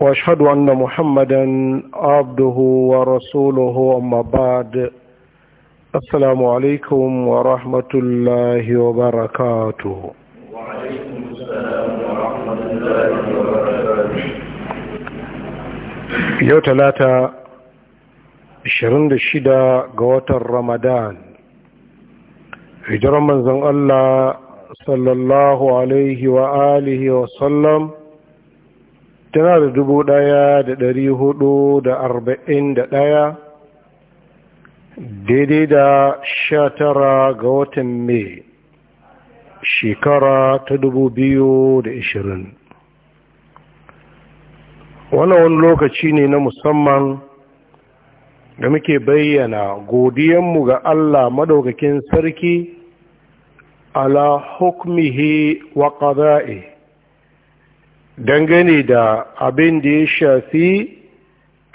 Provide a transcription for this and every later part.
واشهد ان محمدا عبده ورسوله اما بعد السلام عليكم ورحمه الله وبركاته وعليكم السلام ورحمه الله وبركاته يوم ثلاثه 26 ga watan ramadan hijiran manzon Allah sallallahu alaihi wa alihi wa sallam tana da dubu ɗaya da ɗari hudu da arba'in da ɗaya daidai da sha tara ga watan mai shekara ta dubu biyu da ishirin wannan wani lokaci ne na musamman da muke bayyana godiyanmu ga Allah madaukakin sarki ala hukmihi wa dangane da abin da ya shafi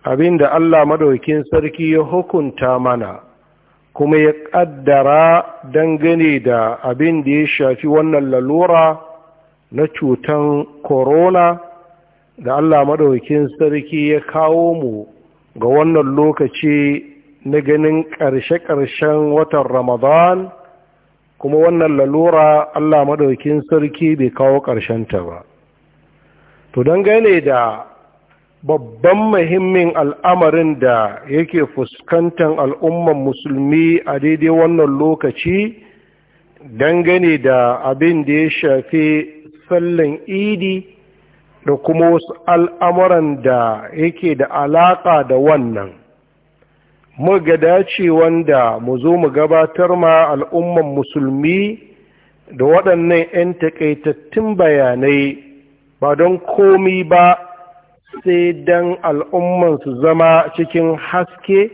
abin da Allah madaukin sarki ya hukunta mana kuma ya ƙaddara dangane da abin da ya shafi wannan lalura na cutan corona da Allah Maɗaukin sarki ya kawo mu ga wannan lokaci na ganin ƙarshe-ƙarshen watan ramadan kuma wannan lalura Allah Maɗaukin sarki bai kawo ƙarshenta ba to dangane da babban muhimmin al'amarin da yake fuskantar al'umman musulmi a daidai wannan lokaci dangane da abin da ya shafi sallan idi da kuma wasu al'amuran da yake da alaƙa da wannan muga dace wanda mu zo mu gabatar ma al'umman musulmi da waɗannan 'yan taƙaitattun bayanai ba don komi ba sai don al'umman su zama cikin haske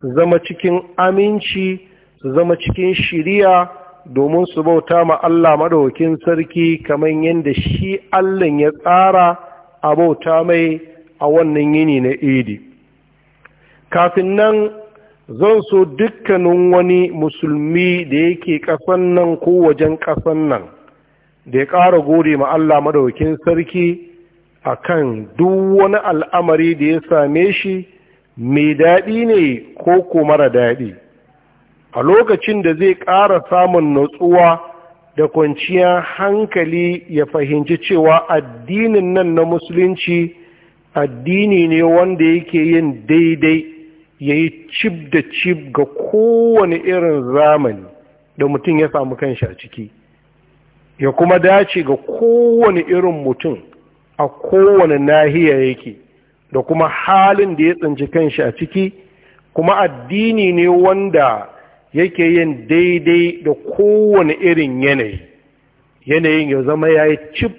su zama cikin aminci su zama cikin shiriya domin su bauta ma Allah maɗaukin sarki kamar yadda shi Allah ya tsara a bauta mai a wannan yini na idi kafin nan zan so dukkanin wani musulmi da yake ƙasan nan ko wajen ƙasan nan da ya ƙara gode ma Allah madaukin sarki a kan duk wani al'amari da ya same shi mai daɗi ne ko ko mara daɗi a lokacin da zai ƙara samun nutsuwa da kwanciya hankali ya fahimci cewa addinin nan na musulunci addini ne wanda yake yin daidai ya yi cib da cib ga kowane irin zamani da mutum ya samu kanshi a ciki ya kuma dace ga kowane irin mutum a kowane nahiya yake da kuma halin da ya tsinci kanshi a ciki kuma addini ne wanda yake yin daidai da kowane irin yanayi yanayin ya zama ya yi cif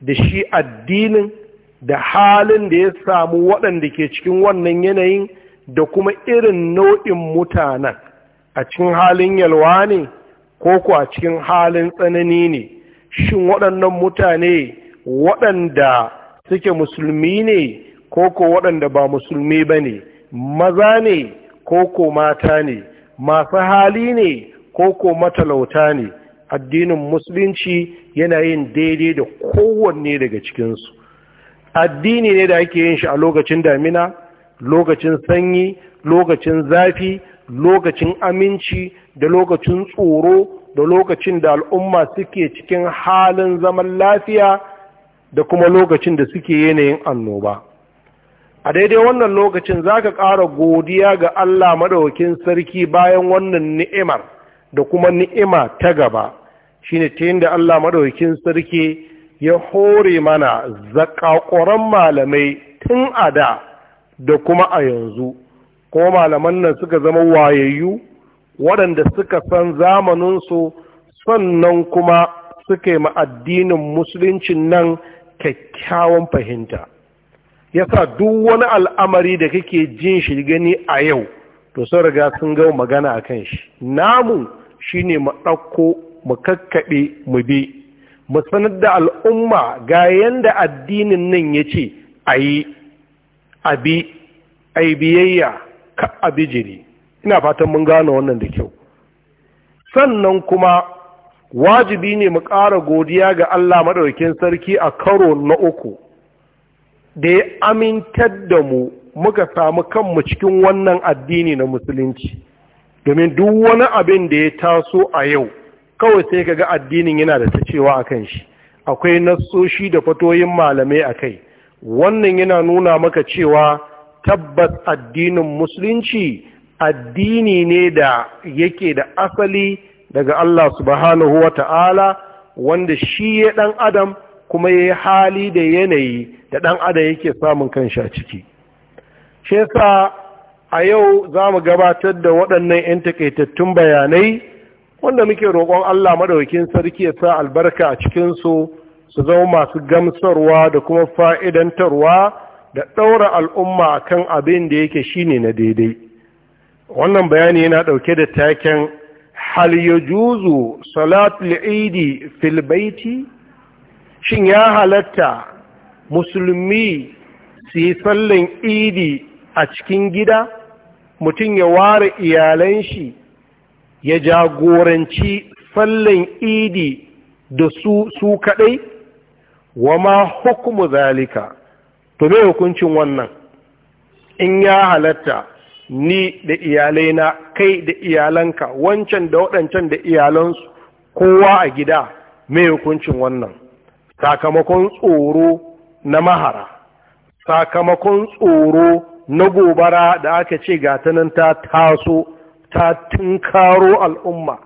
da shi addinin da halin da ya samu waɗanda ke cikin wannan yanayin da kuma irin nau'in mutanen a cikin halin yalwa ne ko a cikin halin tsanani ne shin waɗannan mutane waɗanda suke musulmi ne ko waɗanda ba musulmi ba ne maza ne ko ko mata ne masu hali ne ko ko matalauta ne addinin musulunci yana yin daidai da kowanne daga cikinsu addini ne da ake yin shi a lokacin damina lokacin sanyi lokacin zafi lokacin aminci da lokacin tsoro da lokacin da al'umma suke cikin halin zaman lafiya da kuma lokacin da suke yanayin annoba a daidai wannan lokacin za ka ƙara godiya ga Allah maɗaukin sarki bayan wannan ni'imar da kuma ni'ima ta gaba shine ta yin da Allah maɗaukin sarki ya hore mana zakakoran malamai tun a da da kuma a yanzu ko malaman nan suka zama wayayyu waɗanda suka san zamaninsu sannan kuma suka yi addinin musuluncin nan kyakkyawan fahimta yasa duk wani al'amari da kake jin shi gani a yau to sun riga sun ga magana a kan shi namu shine mu ɗauko mu kakkaɓe mu bi mu sanar da al'umma ga yanda addinin nan ya ce a yi a a yi biyayya ka abi jiri ina fatan mun gane wannan da kyau sannan kuma wajibi ne mu ƙara godiya ga Allah maɗaukin sarki a karo na uku da ya amintar da mu muka samu kanmu cikin wannan addini na musulunci domin duk wani abin da ya taso a yau kawai sai ka ga addinin yana da ta cewa a kan shi akwai nassoshi da fatoyin malamai a kai wannan yana nuna maka cewa tabbas addinin musulunci addini ne da yake da asali daga Allah subhanahu wa ta'ala wanda shi ya ɗan adam kuma ya hali da yanayi da ɗan adam yake samun kanshi a ciki shi sa a yau za mu gabatar da waɗannan 'yan takaitattun bayanai wanda muke roƙon Allah maɗaukin sarki ya sa albarka a cikinsu su zama masu gamsarwa da kuma fa'idantarwa da ɗaura al'umma kan abin da yake shine na daidai wannan bayani yana ɗauke da taken hal yajuzu salatul idi fil baiti shin ya halatta musulmi su yi sallan idi a cikin gida mutum ya ware iyalan shi ya jagoranci sallan idi da su su kadai wa ma hukumu zalika to me hukuncin wannan in ya halatta ni da iyalaina kai da iyalanka wancan da waɗancan da iyalansu kowa a gida mai hukuncin wannan sakamakon tsoro na mahara sakamakon tsoro na gobara da aka ce ga ta taso ta tunkaro al'umma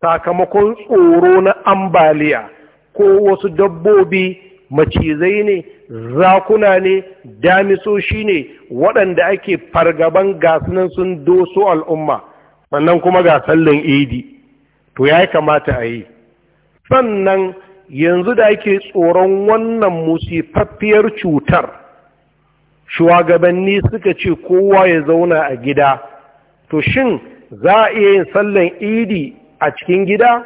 sakamakon tsoro na ambaliya ko wasu dabbobi macizai ne zakuna ne damisoshi ne waɗanda ake fargaban gasunan sun doso al'umma sannan kuma ga sallan idi to ya kamata a yi sannan yanzu da ake tsoron wannan musifaffiyar cutar shugabanni suka ce kowa ya zauna a gida to shin za a iya yin sallan idi a cikin gida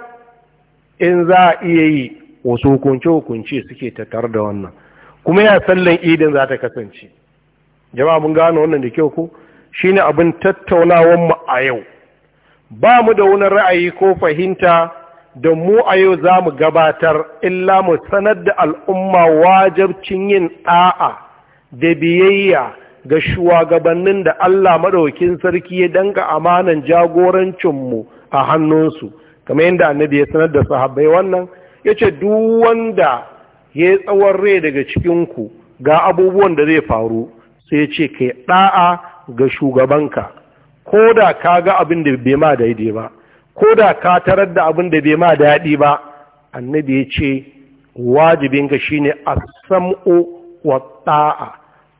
in za a iya yi wasu hukunce-hukunce suke tattar da wannan kuma ya sallan idin za ta kasance jama'a mun gano wannan da kyau ko shine abin tattaunawanmu a yau ba mu da wani ra'ayi ko fahimta da mu a yau za mu gabatar illa mu sanar da al'umma wajabcin yin ɗa'a da biyayya ga shugabannin da Allah maɗaukin sarki ya danga amanan jagorancinmu a hannunsu kamar yadda annabi ya sanar da sahabbai wannan ya ce duk wanda ya yi tsawon rai daga cikinku ga abubuwan da zai faru sai ya ce kai ɗa'a ga shugabanka ko da ka ga abin da bai ma daidai ba ko da ka tarar da abin da bai ma daɗi ba annabi ya ce wajibinka shine a sam'o wa ɗa'a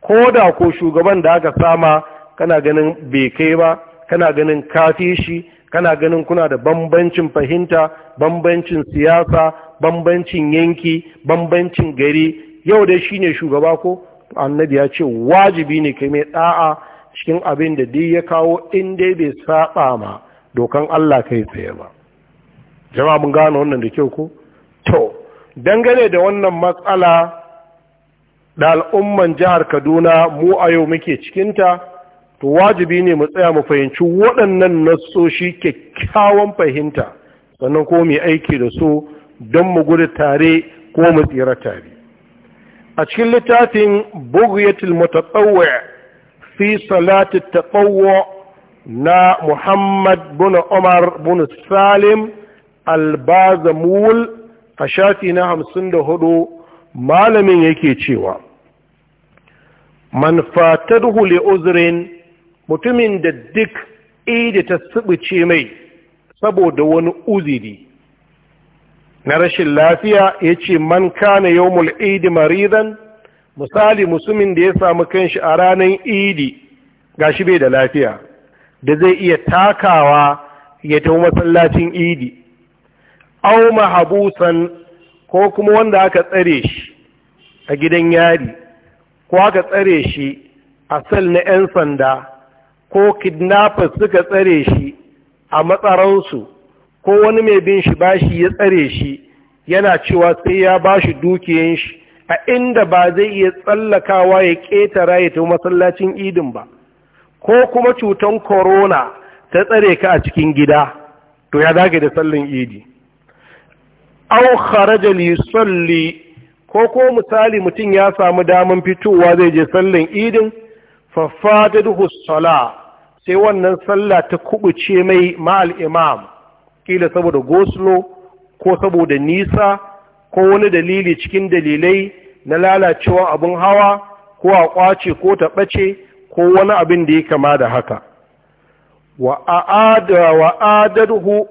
ko da ko shugaban da aka sama kana ganin bai kai ba kana ganin kafi shi kana ganin kuna da bambancin fahimta bambancin siyasa bambancin yanki bambancin gari yau dai shine shugaba ko annabi ya ce wajibi ne kai mai da'a cikin abin da dai ya kawo in dai bai saba ma dokan Allah kai tsaye ba jama'a mun gano wannan da kyau ko to dangane da wannan matsala da al'umman jihar Kaduna mu a yau muke cikinta to wajibi ne mu tsaya mu fahimci waɗannan nassoshi kyakkyawan fahimta sannan ko mu aiki da su don mu gudu tare ko mu tsira tare a cikin littafin bugiyatul mutatawwa fi salati tatawwa na muhammad bin umar bin salim albazamul a shafi na hamsin da hudu malamin yake cewa manfatar hule uzurin mutumin da duk idi ta sibice mai saboda wani uziri na rashin lafiya ya ce man kana yawmul idi maridan misali musulmin da ya samu kanshi a ranar idi ga shi bai da lafiya da zai iya takawa ya tafi masallacin idi au mahabusan ko kuma wanda aka tsare shi a gidan yari ko aka tsare shi a sal na 'yan sanda ko kidnappers suka tsare shi a matsaransu ko wani mai bin shi bashi ya tsare shi yana cewa sai ya bashi dukiyan shi a inda ba zai iya tsallakawa ya ƙetara ya tafi masallacin idin ba ko kuma cutan korona ta tsare ka a cikin gida to ya dage da sallin idi au kharaja li yusalli ko ko misali mutum ya samu daman fitowa zai je sallin idin fa fatatuhu sai wannan sallah ta kubuce mai ma'al imam kila saboda goslo ko saboda nisa ko wani dalili cikin dalilai na lalacewa abin hawa ko a kwace ko ta ɓace ko wani abin da ya kama da haka Wa wa'adarhu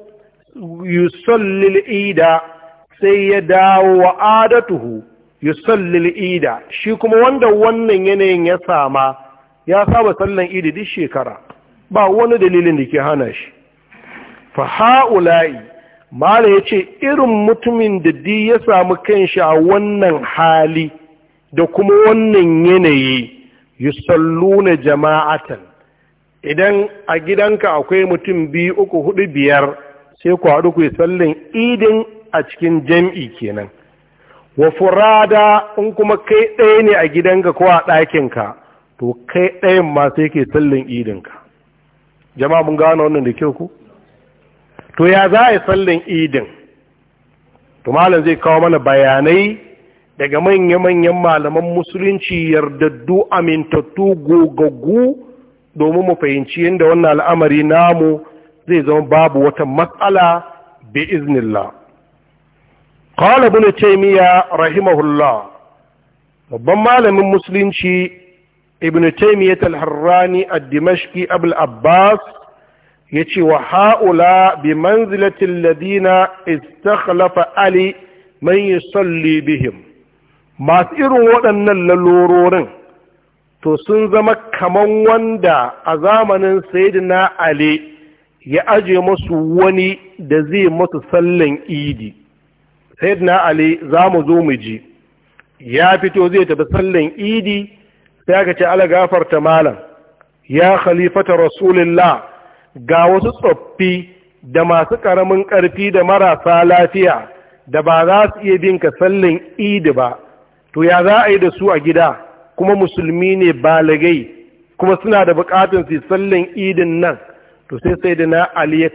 yusallil ida sai ya dawo wa'adatuhu yusallil ida shi kuma wanda wannan yanayin ya sama ya saba sallan idi duk shekara ba wani dalilin da ke hana shi fa ha'ula'i mala ya ce irin mutumin da di ya samu kanshi a wannan hali da kuma wannan yanayi yusalluna jama'atan idan a gidanka akwai mutum biyu uku hudu biyar sai ku haɗu ku sallin idin a cikin jam'i kenan wa furada in kuma kai ɗaya ne a gidanka ko a ɗakinka to kai ɗayan ma sai ke sallin idinka jama'a mun gano wannan da kyau ku to ya za a yi sallan idin to malam zai kawo mana bayanai daga manya-manyan malaman musulunci yardaddu amintattu gogaggu domin mu fahimci yadda wannan al'amari namu zai zama babu wata matsala bi iznillah qala ibn taymiya rahimahullah babban malamin musulunci ibn taymiya al-harrani ad-dimashqi abul abbas ya ce wa ha'ula bi manzilatin ladina istakhlafa ali man yusalli bihim masu irin waɗannan lalurorin to sun zama kaman wanda a zamanin sayidina ali ya aje masu wani da zai masu sallan idi sayidina ali za mu zo mu ji ya fito zai tafi sallan idi sai aka ce ala gafarta malam ya khalifata rasulillah ga wasu tsoffi da masu ƙaramin ƙarfi da marasa lafiya da ba za su iya binka sallin idi ba to ya za a yi da su a gida kuma musulmi ne balagai kuma suna da buƙatun su sallin idin nan to sai sai da na ali ya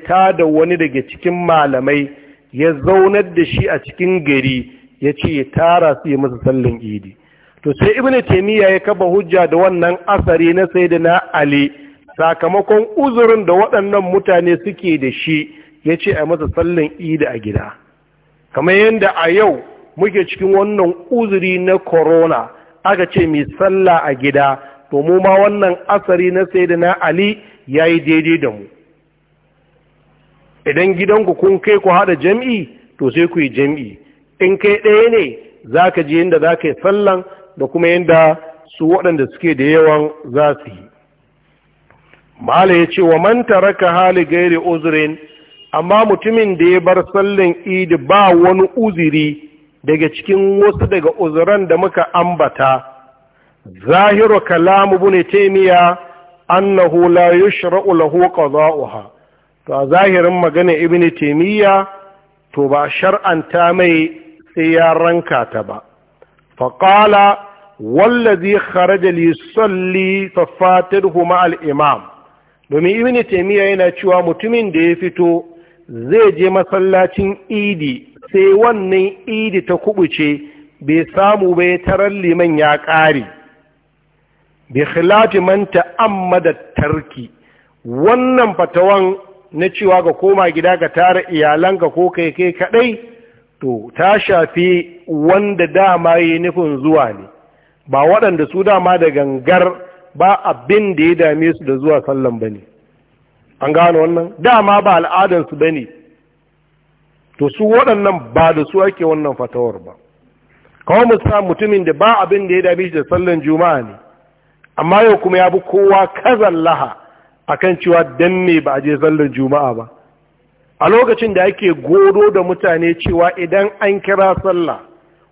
wani daga cikin malamai ya zaunar da shi a cikin gari ya ce ya tara su yi masa sallin idi to sai Ibn taymiya ya kaba hujja da wannan asari na sai da na ali sakamakon uzurin da waɗannan mutane suke da shi ya ce a masa sallin idi a gida kamar yadda a yau muke cikin wannan uzuri na corona aka ce mai sallah a gida to mu ma wannan asari na sai da na ali ya yi daidai da mu idan gidanku kun kai ku haɗa jam'i to sai ku yi jam'i in kai ɗaya ne za ka ji yadda za ka yi sallan da kuma yadda su waɗanda suke da yawan za su yi mala ya ce wa manta raka hali gairi uzurin amma mutumin da ya bar sallin idi ba wani uziri daga cikin wasu daga uzuran da muka ambata zahiru kalamu bune taimiya annahu la yushra'u lahu qada'uha to a zahirin magana ibn taimiya to ba shar'anta mai sai ya ranka ta ba faqala wallazi kharaja li yusalli hu ma al imam domin ibn taymiya yana cewa mutumin da ya fito zai je masallacin idi sai wannan idi ta kubuce bai samu bai tarar liman ya ƙare bi khilafi amma ta'ammada tarki wannan fatawan na cewa ga koma gida ga tara iyalanka ko kai kai kadai to ta shafi wanda dama yi nufin zuwa ne ba waɗanda su dama da gangar ba abin da ya dame su da zuwa sallan ba ne an gano wannan dama ba al'adansu ba ne to su waɗannan ba da su ake wannan fatawar ba kawo musa mutumin da ba abin da ya dame shi da sallan juma'a ne amma yau kuma ya bi kowa kazan laha akan cewa dan me ba a je sallan juma'a ba a lokacin da ake godo da mutane cewa idan an kira sallah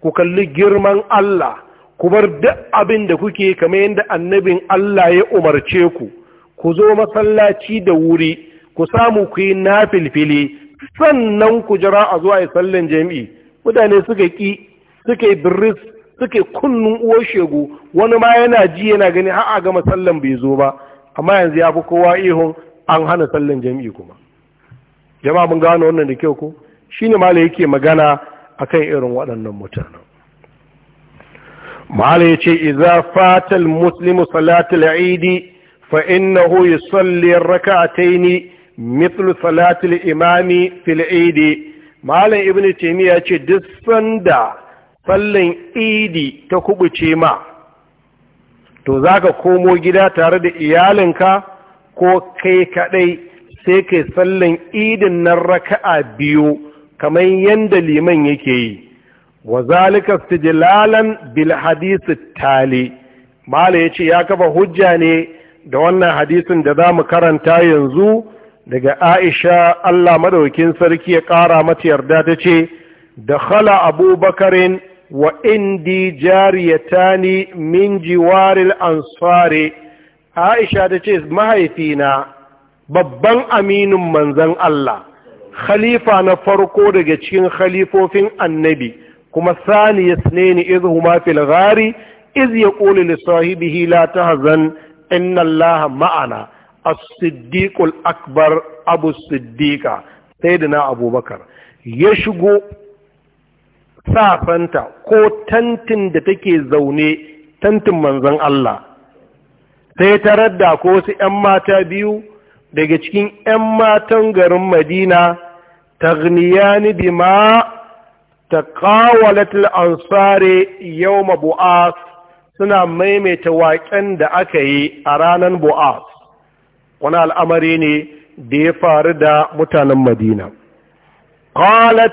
ku kalli girman Allah ku bar duk abin da kuke kamar yadda annabin Allah ya umarce ku ku zo masallaci da wuri ku samu ku yi nafilfili sannan ku jira a zuwa yi sallan jami'i mutane suka ƙi, suka yi birris suka yi kunnun uwar shegu wani ma yana ji yana gani har a gama sallan bai zo ba amma yanzu ya fi kowa ihun an hana sallan jami'i kuma jama'a mun gano wannan da kyau ko shine ma yake magana akan irin waɗannan mutanen malai ya ce iza fatal muslimu salatul aidi fa innahu yusalli rak'ataini mithlu salatul imami fil aidi malam ibnu taymiya ce duk sanda sallan idi ta kubuce ma to zaka komo gida tare da iyalinka ko kai kadai sai kai sallan idin nan raka'a biyu kamar yanda liman yake yi wa zalika istijlalan bil hadith tali mala yace ya kafa hujja ne da wannan hadisin da zamu karanta yanzu daga Aisha Allah madaukin sarki ya kara mata yarda tace dakhala abubakarin wa indi jariyatani min jiwaril ansari Aisha tace mahaifina babban aminin manzon Allah khalifa na farko daga cikin khalifofin annabi kuma sani ya ni yasnaini huma fil ghari iz yaqulu li sahibihi la tahzan inna allaha ma'ana as siddiqul akbar abu siddiqa na abubakar ya shigo safanta ko tantin da take zaune tantin manzon Allah sai ta radda ko su 'yan mata biyu daga cikin 'yan matan garin madina tagniyani bima taqawalat al-ansari yawm bu'as suna maimaita waƙen da aka yi a ranar bu'as wani al'amari ne da ya faru da mutanen madina qalat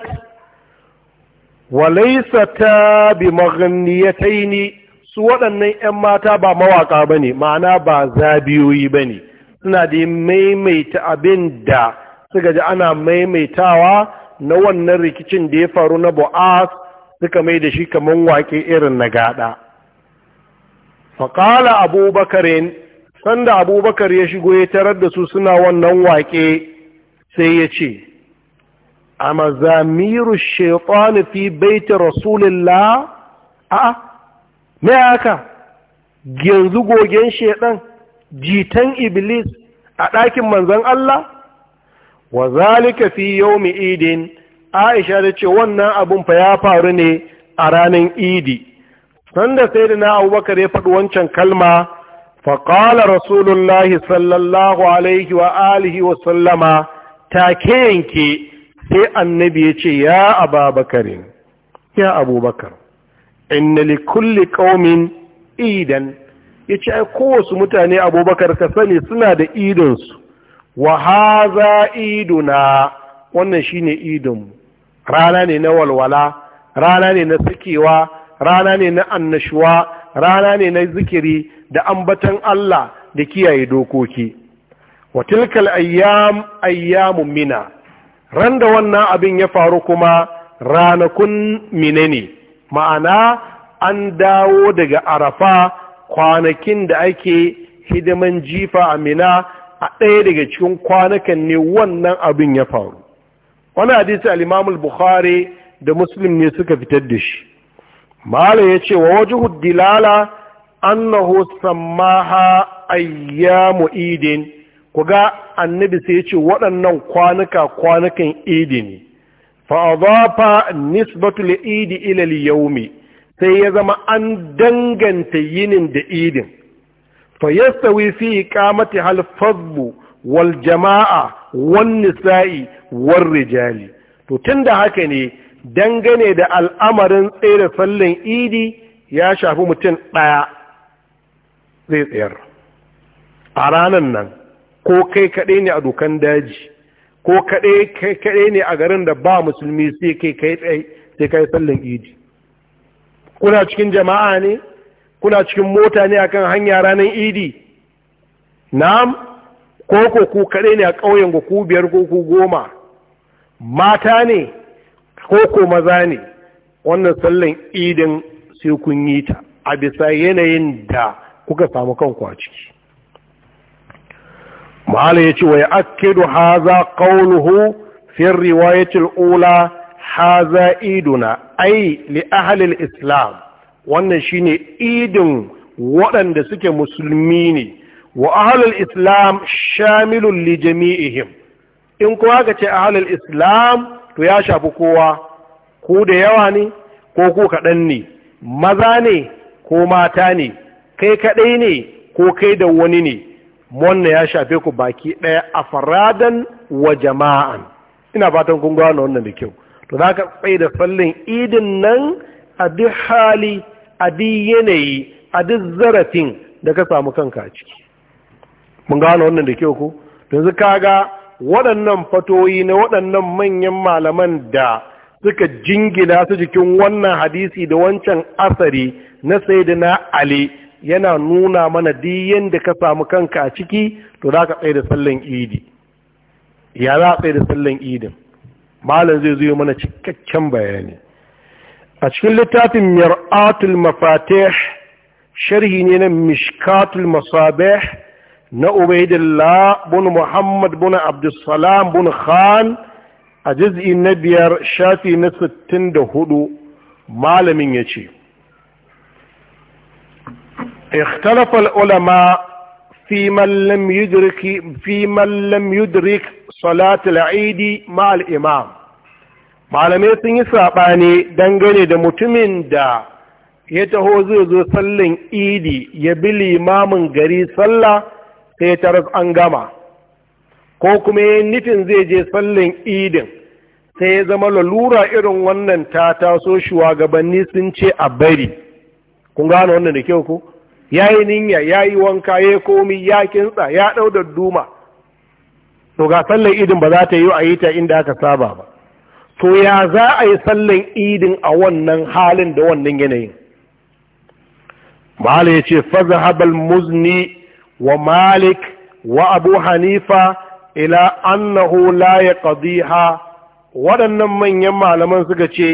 walaisa ta bi maghniyatai su waɗannan 'yan mata ba mawaƙa ba ne ma'ana ba zabiyoyi ba ne suna da maimaita abin da suka ji ana maimaitawa na wannan rikicin da ya faru na bu'as suka mai da shi kamar wake irin na gada faƙala abubakarin sanda abubakar ya shigo ya tarar da su suna wannan wake sai ya ce a mazamiru shaitani fi baita rasulillah a me haka yanzu gogen shaidan jitan iblis a ɗakin manzan Allah wa zalika fi yawmi idin aisha da ce wannan abun fa ya faru ne a ranar idi sanda na abubakar ya faɗi wancan kalma fa ƙala rasulullahi sallallahu alaihi wa alihi wa sallama ta ke yanke sai annabi ya ce ya ababakarin ya abubakar inna li kulli qaumin idan yace ai kowace mutane abubakar ka sani suna da idinsu wa haza iduna wannan shine Idun, rana ne na walwala rana ne na sakewa rana ne na annashuwa rana ne na zikiri da ambatan Allah da kiyaye dokoki wa tilkal ayyam ayyamu mina ran da wannan abin ya faru kuma ranakun mine ne ma'ana an dawo daga arafa kwanakin da ake hidiman jifa a mina a ɗaya daga cikin kwanakan ne wannan abin ya faru wani hadisi al bukhari da muslim ne suka fitar da shi mala ya ce wa wajen dilala annahu sammaha ayyamu idin ku ga annabi sai ya ce waɗannan kwanuka kwanukan idi ne nisbatu nisbatul idi ilal yaumi sai ya zama an danganta yinin da idin fa yastawi fi iqamati hal fadl wal jama'a wan nisa'i war rijali to tunda haka ne dangane da al'amarin tsere sallan idi ya shafi mutum ɗaya zai tsayar a ranar nan ko kai kaɗai ne a dokan daji ko kaɗai ne a garin da ba musulmi sai kai kai tsaye sai kai sallan idi kuna cikin jama'a ne kuna cikin mota ne akan hanya ranar idi na'am ko ko ku kaɗai ne a ƙauyen ku ku biyar ko ku goma mata ne ko ko maza ne wannan sallan idin sai kun yi ta a bisa yanayin da kuka samu kanku a ciki ma'ala ya ce wa ya akidu haza ƙaunuhu fiye riwayatul ula haza iduna ai li ahalil islam wannan shine idin waɗanda suke musulmi ne wa ahlul islam shamilun li in kowa ka ce ahalul islam to ya shafi kowa ku da yawa ne ko ku kaɗan ne maza ne ko mata ne kai kaɗai ne ko kai da wani ne wannan ya shafi ku baki ɗaya a faradan wa jama'an ina fatan kun gano wannan da kyau to za ka tsaye da sallin idin nan a duk hali a duk yanayi a duk zarafin da ka samu kanka a ciki mun gano wannan da kyau ko yanzu kaga waɗannan fatoyi na waɗannan manyan malaman da suka jingina su jikin wannan hadisi da wancan asari na na ali yana nuna mana duk yanda ka samu kanka a ciki to za ka tsaye da sallan idi ya za a tsaye da sallan idin malam zai zo mana cikakken bayani a cikin littafin mir'atul mafatih sharhi ne na mishkatul masabih na ubaidillah bin muhammad bin abdussalam bin khan a jiz'i na biyar shafi na sittin da hudu malamin ya ce اختلف العلماء في من لم يدرك في من لم يدرك صلاة العيد مع الإمام malamai sun yi saɓani dangane da mutumin da ya taho zai zo sallin idi ya bi limamin gari sallah sai taras an gama ko kuma ya nufin zai je sallin idin sai ya zama lalura irin wannan ta taso shugabanni sun ce a bari kun gane wannan da kyau ko ya yi ninya ya yi wanka ya komi ya kinsa, ya ɗau da duma to ga sallar idin ba za ta yi a yi ta inda aka saba ba to ya za a yi sallan idin a wannan halin da wannan yanayin mahala ya ce faza habal muzni wa malik wa abu hanifa ila annahu la ya waɗannan manyan malaman suka ce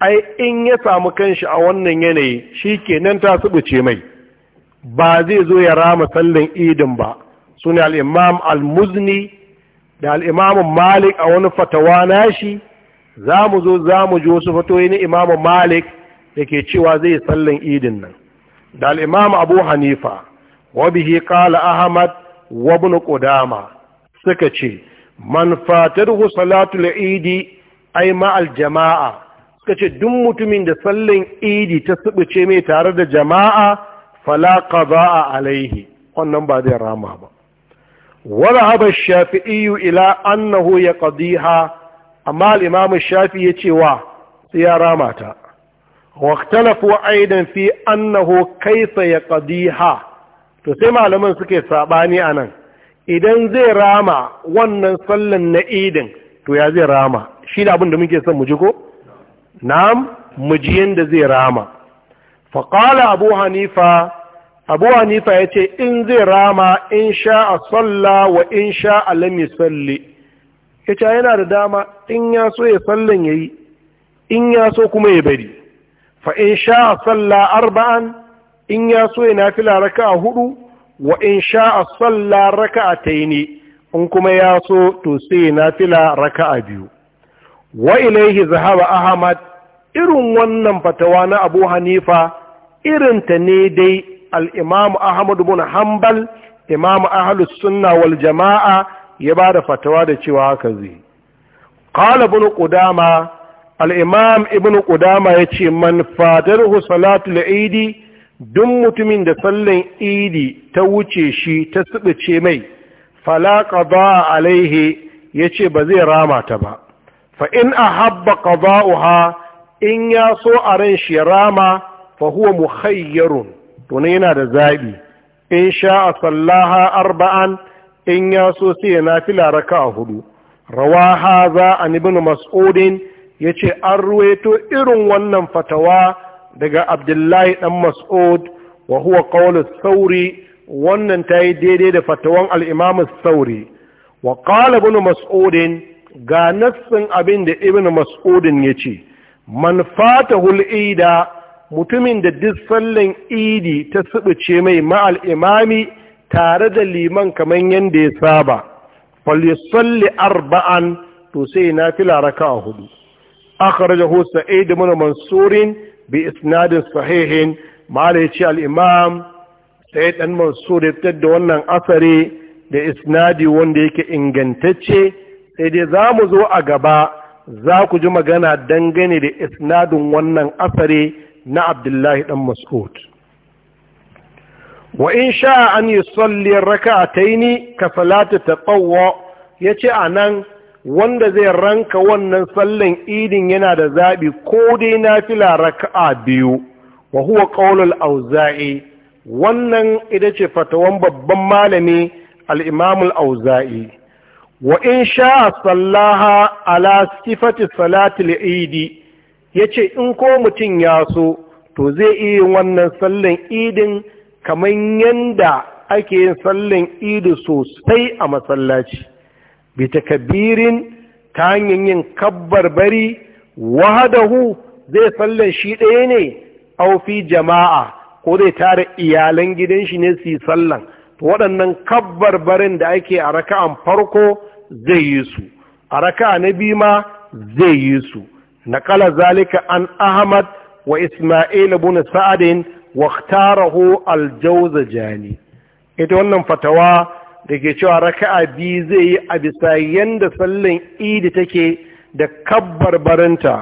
ai in ya samu kanshi a wannan yanayi shi kenan ta subuce mai ba zai zo ya rama sallan idin ba su ne al'imam al-muzni da al'imamun malik a wani fatawa nashi za mu zo za mu ji wasu fatoyi na imamu malik da ke cewa zai sallan idin nan da al'imamu abu hanifa wa bihi kala ahmad wa bin kudama suka ce man Salatu salatul idi ai ma'al jama'a suka ce duk mutumin da sallan idi ta subuce mai tare da jama'a fala qada'a alaihi wannan ba zai rama ba wala haba shafi'i ila annahu ya yaqdiha amma Limamin shafi ya ce wa sai ya rama ta waktalafu aidan fi annahu kaifa ya qadiha to sai malaman suke sabani anan idan zai rama wannan sallan na idin to ya zai rama shi da abin da muke son mu ji ko na'am mu ji yanda zai rama fa qala abu hanifa abu hanifa yace in zai rama in sha a salla wa in sha'a lam yusalli ya ce yana da dama in ya so ya sallan ya yi in ya so kuma ya bari fa in sha salla arba'an in ya so ya nafila raka a hudu wa in sha a salla raka a taini in kuma ya so to sai nafila raka a biyu wa ilaihi zahaba ahmad irin wannan fatawa na abu hanifa irinta ne dai al'imamu ahmad bin hanbal imamu ahalus sunna wal jama'a ya ba da fatawa da cewa haka zai qala ibn qudama al-imam ibn qudama yace man fadaruhu salatul eid duk mutumin da sallan idi ta wuce shi ta sibice mai fala qada alaihi yace ba zai rama ta ba fa in ahabba qada'uha in ya so a ran shi rama fa huwa mukhayyarun to ne yana da zaɓi. in sha sha'a sallaha arba'an in ya so sai ya nafila raka hudu rawa haza an ibn mas'udin yace an ruwaito irin wannan fatawa daga abdullahi dan mas'ud wa huwa sauri wannan tayi daidai da fatawan al-imam sauri wa qala ibn mas'udin ga nassin abin da ibn mas'udin yace man fatahul ida mutumin da duk sallan idi ta subuce mai ma'al imami tare da liman kamar yadda ya saba falisalli arba'an to sai na fila raka a hudu akhrajahu da ibn mansurin bi isnadin sahihin mala yace al-imam sai dan mansur ya da wannan asare da isnadi wanda yake ingantacce sai dai za mu zo a gaba za ku ji magana dangane da isnadin wannan asare na abdullahi ɗan mas'ud wa in sha an yi tsalliyar raka a taini ka salata ta tsawo ya ce a nan wanda zai ranka wannan sallan idin yana da zaɓi ko dai na fila raka'a biyu wa huwa ƙaunar auza'i wannan ita ce fatawan babban malami al'imamul auza'i wa in sha sallaha ala sifati salatul idi ya ce in ko mutum ya so to zai iya wannan sallan idin kamar yanda ake yin sallan idu sosai a masallaci bi kabirin ta hanyar yin kabbar bari wahadahu zai sallan shi ɗaya ne au fi jama'a ko zai tara iyalan gidan shi ne su yi sallan waɗannan kabbar barin da ake a raka'an farko zai yi su a raka'a na biyu ma zai yi su zalika an Ahmad wa Isma'il bin Sa'adin. waktarahu aljawzajani ita wannan fatawa da ke cewa raka'a biyu zai yi a bisa yanda sallan idi take da kabbar barinta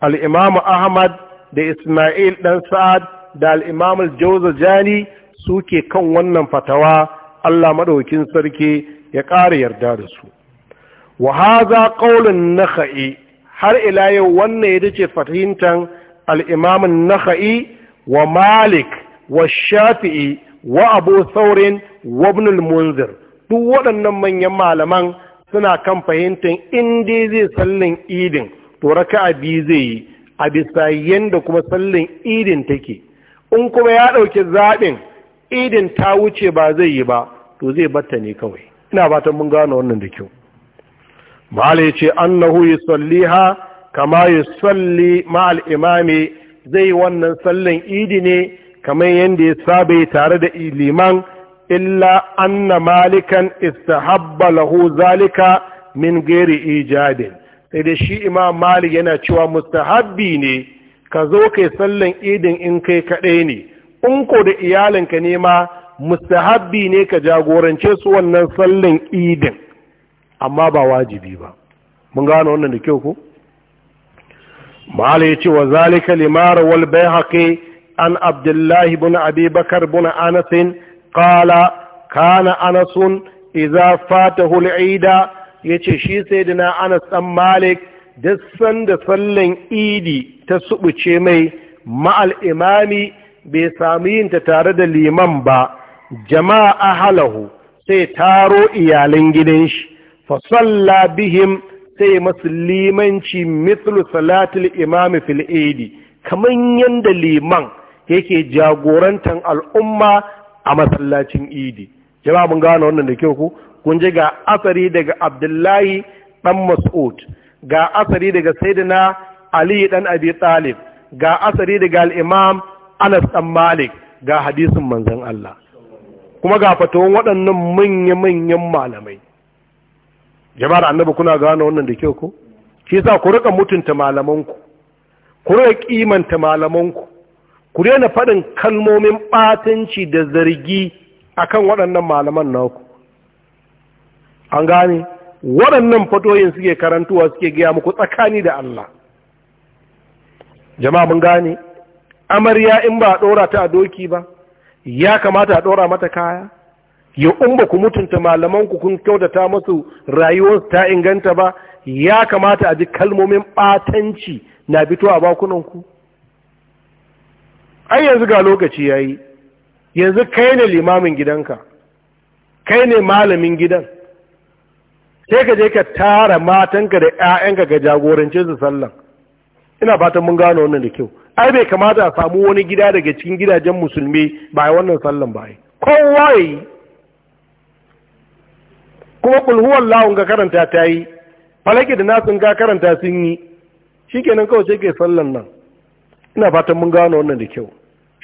al'imamu ahmad da ismail dan sa'ad da al'imamu aljawzajani suke kan wannan fatawa allah maɗaukin sarki ya ƙara yarda da su wahaza ƙaunin naha'i har ila yau wannan ya dace fahimtar al'imamin naha'i wa malik wa shafi'i wa abu saurin munzir duk waɗannan manyan malaman suna kan fahimtar inda zai sallin idin to raka'a biyu zai yi a bisa yanda kuma sallin idin take in kuma ya ɗauki zaɓin idin ta wuce ba zai yi ba to zai batta ne kawai ina fatan mun gano wannan da kyau mala ya ce annahu yusalliha kama yusalli ma'al imami zai wannan sallan idi ne kamar yadda ya saba tare da liman illa anna malikan istahabba lahu zalika min gairi ijadin sai da shi imam malik yana cewa mustahabbi ne ka zo kai sallan idin in kai kaɗai ne in ko da iyalinka ne ma mustahabbi ne ka jagorance su wannan sallan idin amma ba wajibi ba mun gano wannan da kyau ko mala ya ce wa zalika limara wal haƙe an abdullahi bin abi bakar anasin anas kana anasun idza fatahu al shi sai shi na anas dan malik duk sanda sallan idi ta suɓuce mai ma'al imami bai sami yin ta tare da liman ba jama'a halahu sai taro iyalan gidan shi fa bihim sai ya masu limanci mithlu salatul imami fil kamar yadda liman yake jagorantar al'umma a masallacin idi jama mun gano wannan da kyau ku kun ji ga asari daga abdullahi dan mas'ud ga asari daga sayyidina ali ɗan abi talib ga asari daga al'imam anas ɗan malik ga hadisin manzon Allah kuma ga fatawan waɗannan manya-manyan malamai jama'ar annabi kuna gano wannan da kyau ko shi yasa ku rika mutunta malamanku ku rika kimanta malamanku ku daina faɗin kalmomin ɓatanci da zargi akan waɗannan malaman naku an gane waɗannan fatoyin suke karantuwa suke gaya muku tsakani da Allah jama'a mun gane amarya in ba a ɗora ta a doki ba ya kamata a ɗora mata kaya ya umba ku mutunta malaman ku kun kyautata masu rayuwar ta inganta ba ya kamata a ji kalmomin batanci na fito a bakunan ku ai yanzu ga lokaci yayi yanzu kai ne limamin gidanka kai ne malamin gidan sai ka je ka tara matanka da 'ya'yanka ga jagorance su sallan ina fatan mun gano wannan da kyau ai bai kamata a samu wani gida daga cikin gidajen musulmi ba wannan sallan ba ai kowa yayi kuma kulhuwar huwallahu ga karanta ta yi falaki da nasin ga karanta sun yi Shi kenan kawai sai ke sallan nan ina fatan mun gano wannan da kyau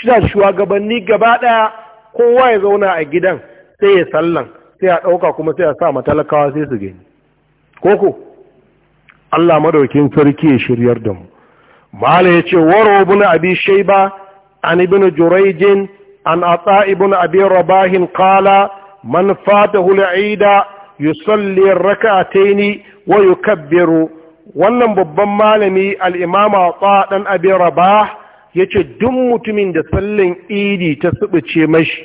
shi da shugabanni gaba ɗaya kowa ya zauna a gidan sai ya sallan sai ya ɗauka, kuma sai a sa matalakawa sai su gani koko Allah madaukin sarki ya shiryar da mu mala ce, waro ibn abi Shaiba, an ibn jurayj an atsa ibn abi rabahin qala man fatahu al da. yusalli rak'ataini wa yukabbiru wannan babban malami al-imama ta dan abi rabah yace duk mutumin da sallan idi ta subuce mashi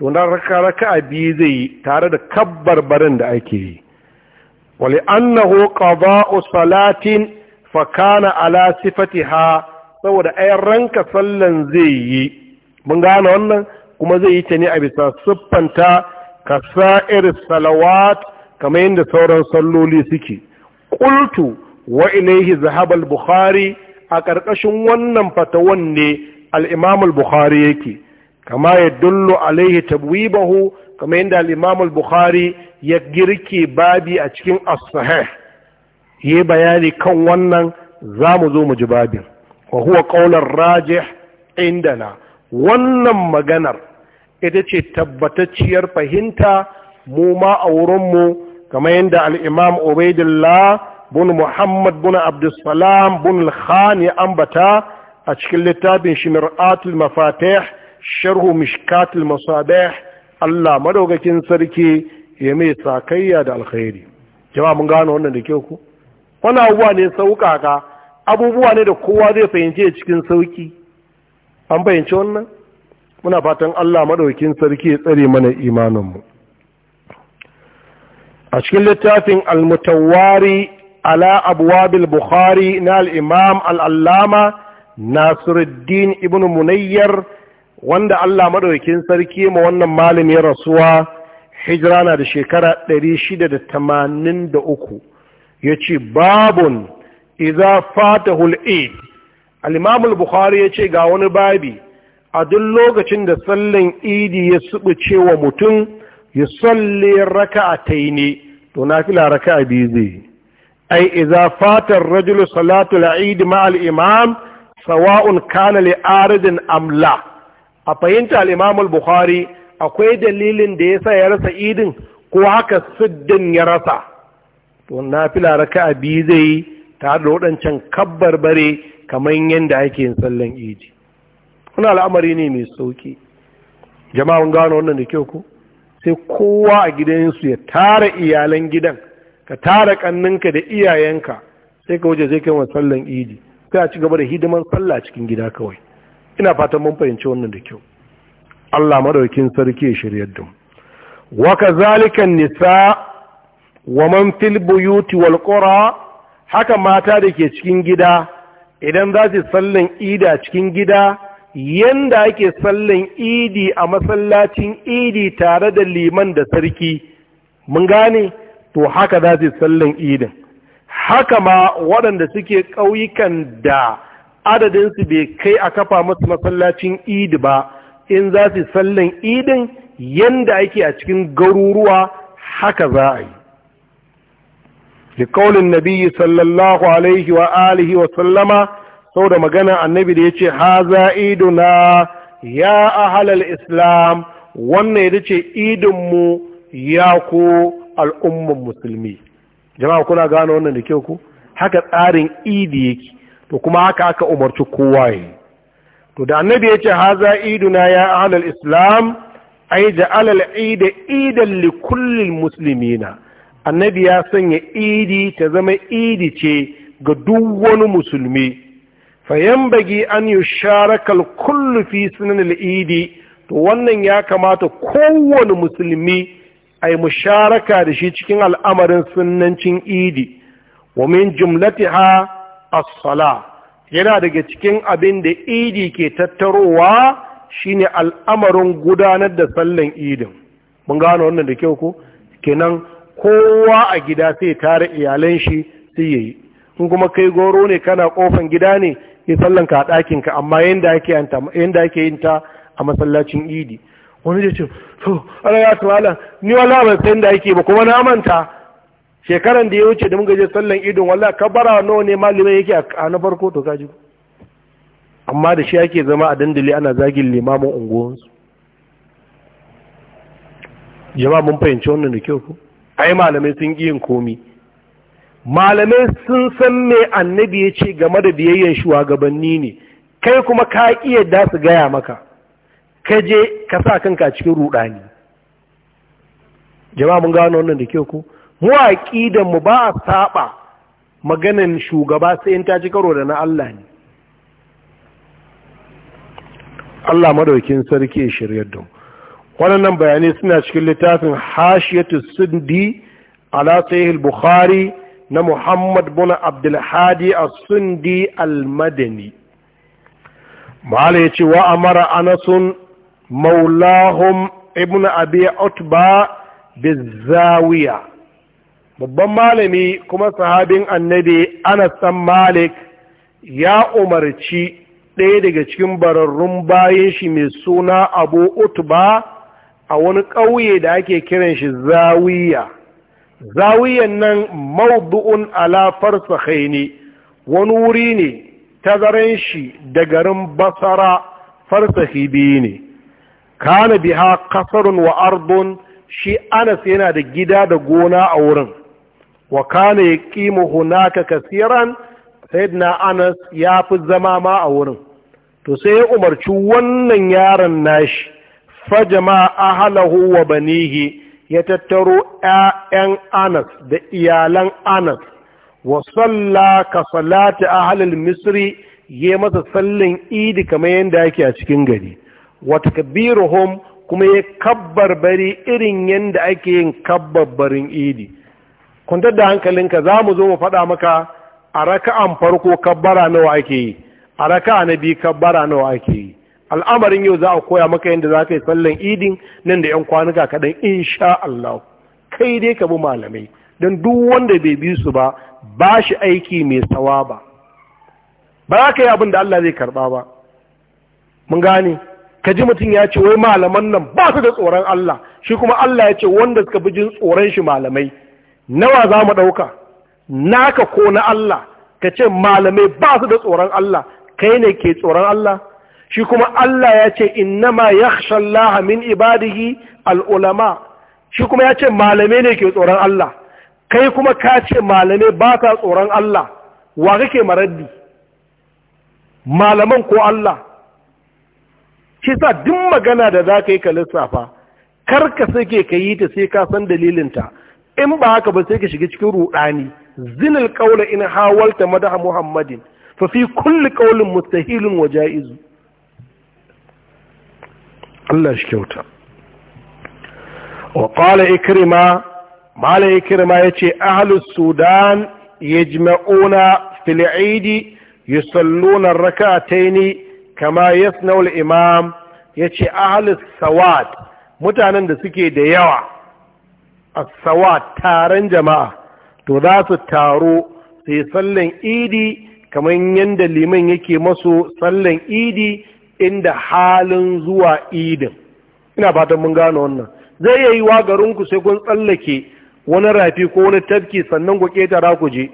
to nan raka raka'a biyu zai yi tare da kabbar barin da ake yi wali annahu qada'u salatin fa kana ala sifatiha saboda ai ranka sallan zai yi mun gane wannan kuma zai yi ta ne a bisa siffanta ka sa'ir salawat kamar yadda sauran salloli suke ƙultu wa ilayhi zahaba bukhari a ƙarƙashin wannan fatawan ne al-imam al-bukhari yake kama ya dullo alaihi tabwibahu kamar yadda al-imam bukhari ya girke babi a cikin as-sahih yi bayani kan wannan zamu zo mu ji babin wa huwa qawlan rajih indana wannan maganar ita ce tabbatacciyar fahimta mu ma a wurinmu kamar yadda al'imam ubaidillah bin muhammad bin abdulsalam bin al ya ambata a cikin littafin shi mir'atul mafatih sharhu mishkatul masabih Allah madaukakin sarki ya mai sakayya da alkhairi jama'a mun gano wannan da kyau ku wannan abubuwa ne sauƙaƙa abubuwa ne da kowa zai fahimce cikin sauƙi an fahimci wannan muna fatan Allah madaukin sarki ya tsare mana imaninmu a cikin littafin al-mutawwari ala Abuwabil bukhari na al-imam al-allama nasiruddin ibn munayyar wanda Allah madaukin sarki ma wannan malami rasuwa hijira na da shekara 683 yace babun idza fatahul eid al-imam al-bukhari yace ga wani babi a duk lokacin da sallan idi ya suɓi cewa mutum ya salli a ne to na nafila a biyu zai ai Iza fatar rajulu salatu la'idi ma'al imam sawa'un kana li Amla, a fahimta al bukhari akwai dalilin da ya sa ya rasa idin ko haka siddin ya rasa to na nafila a biyu zai tare da waɗancan kabbar bare kamar yadda ake yin sallan idi wani al'amari ne mai sauki jama'an gano wannan da kyau ku. sai kowa a gidansu ya tara iyalan gidan ka tara kanninka da iyayenka sai ka waje zai kai wa sallan idi sai a ci gaba da hidiman sallah a cikin gida kawai ina fatan mun fahimci wannan da kyau Allah madaukin sarki ya shiryar da wa kazalika nisa wa man fil buyuti wal qura haka mata da ke cikin gida idan za su sallan idi a cikin gida yanda ake sallan idi a masallacin idi tare da liman da sarki mun gane to haka za su sallan idin haka ma waɗanda suke ƙauyukan da adadinsu bai kai a kafa masu masallacin idi ba in za su sallan idin yanda ake a cikin garuruwa haka za a yi لقول النبي صلى الله عليه وآله وسلم saboda magana annabi da ya ce haza iduna ya halal islam wannan ya ce idinmu ya ku al'umman musulmi jama'a kuna gano wannan da kyau ku haka tsarin idi yake to kuma haka aka umarci kowa yi to da annabi ya ce haza iduna ya halal islam ai da alal ida idan likullin na annabi ya sanya idi ta zama idi ce ga duk wani musulmi fayambagi an yi sharakal kullu fi sunan al'idi to wannan ya kamata kowane musulmi a yi musharaka da shi cikin al'amarin sunancin idi wa min jumlati ha asala yana daga cikin abin da idi ke tattarowa shine al'amarin gudanar da sallan idin mun gano wannan da kyau ko kenan kowa a gida sai tare iyalan shi sai yayi in kuma kai goro ne kana kofan gida ne yi sallan ka a ɗakinka, amma yadda ake yin ta a masallacin idi wani zai ce to ala ya ala ni wala ba san da ake ba kuma na manta shekaran da ya wuce da muka je sallan idin wala kabara nawa ne malumai yake a na farko to kaji amma da shi ake zama a dandali ana zagin limamin unguwansu jama'a mun fahimci wannan da kyau ko ai malamai sun ƙi yin komi malamai sun san me annabi ya ce game da biyayyen shugabanni ne kai kuma ka iya da su gaya maka ka je ka sa kanka cikin rudani jama'a mun gano wannan da ke ku? mu aqidan mu ba a saba maganin shugaba sai in ta karo da na Allah ne Allah madaukin sarki shiryar da waɗannan bayanai suna cikin littafin hashiyatu sindi ala sahih bukhari na muhammad bin abdulhadi a sundi almadani mala ce wa amara anasun maulahum ibn abi utba bizawiya babban malami kuma sahabin annabi anas malik ya umarci ɗaya daga cikin bararrun bayan shi mai suna abu utba a wani ƙauye da ake kiran shi zawiya zawiyan nan mawdu'un ala farsakhaini wani wuri ne tazaran shi da garin basara farsakhi biyu ne kana biha kasarun wa ardun shi anas yana da gida da gona a wurin wa kana ya kima hunaka kasiran sayyidina anas ya fi zama ma a wurin to sai ya umarci wannan yaron nashi fa fajama ahlahu wa banihi ya tattaro ‘ya'yan anas da iyalan anas wa salla ka salati a halin misri ya masa sallin idi kamar yadda ake a cikin gari wata hom kuma ya kabbar bari irin yadda ake yin kabbar barin idi kwantar da hankalinka za mu zo mu faɗa maka a raka'an farko kabbara nawa ake yi a raka'a na biyu kabbara nawa ake yi al'amarin yau za a koya maka yadda za ka yi sallan idin nan da 'yan kwanuka kaɗan insha Allah kai dai ka bi malamai don duk wanda bai bi su ba ba shi aiki mai tsawa ba ba za ka yi abin da Allah zai karɓa ba mun gane ka ji mutum ya ce wai malaman nan ba su da tsoron Allah shi kuma Allah ya ce wanda suka fi jin tsoron shi malamai nawa za mu ɗauka naka ko na Allah ka ce malamai ba su da tsoron Allah kai ne ke tsoron Allah shi kuma Allah ya ce innama ya Allah min ibadihi al'ulama shi kuma ya ce malame ne ke tsoron Allah kai kuma ka ce malame ba ka tsoron Allah wa kake maraddi malaman ko Allah shi sa duk magana da za ka yi ka lissafa kar ka sake ka yi ta sai ka san dalilinta in ba haka ba sai ka shiga cikin ruɗani zinil kaula in hawalta madaha muhammadin fa fi kulli kaulin mustahilun wa ja'izu Allah shi kyauta wa ikirma, ikrima ikirma ikrima yace Ahalus sudan yajma'una fil raka a taini, kama ya al imam ce Ahalus sawad mutanen da suke da yawa a sawad taron jama'a to za su taro su yi sallan idi kamar yadda liman yake masu sallan idi inda halin zuwa idin ina fatan mun gano wannan zai yi wa garinku sai kun tsallake wani rafi ko wani tafki sannan ku ketara ku je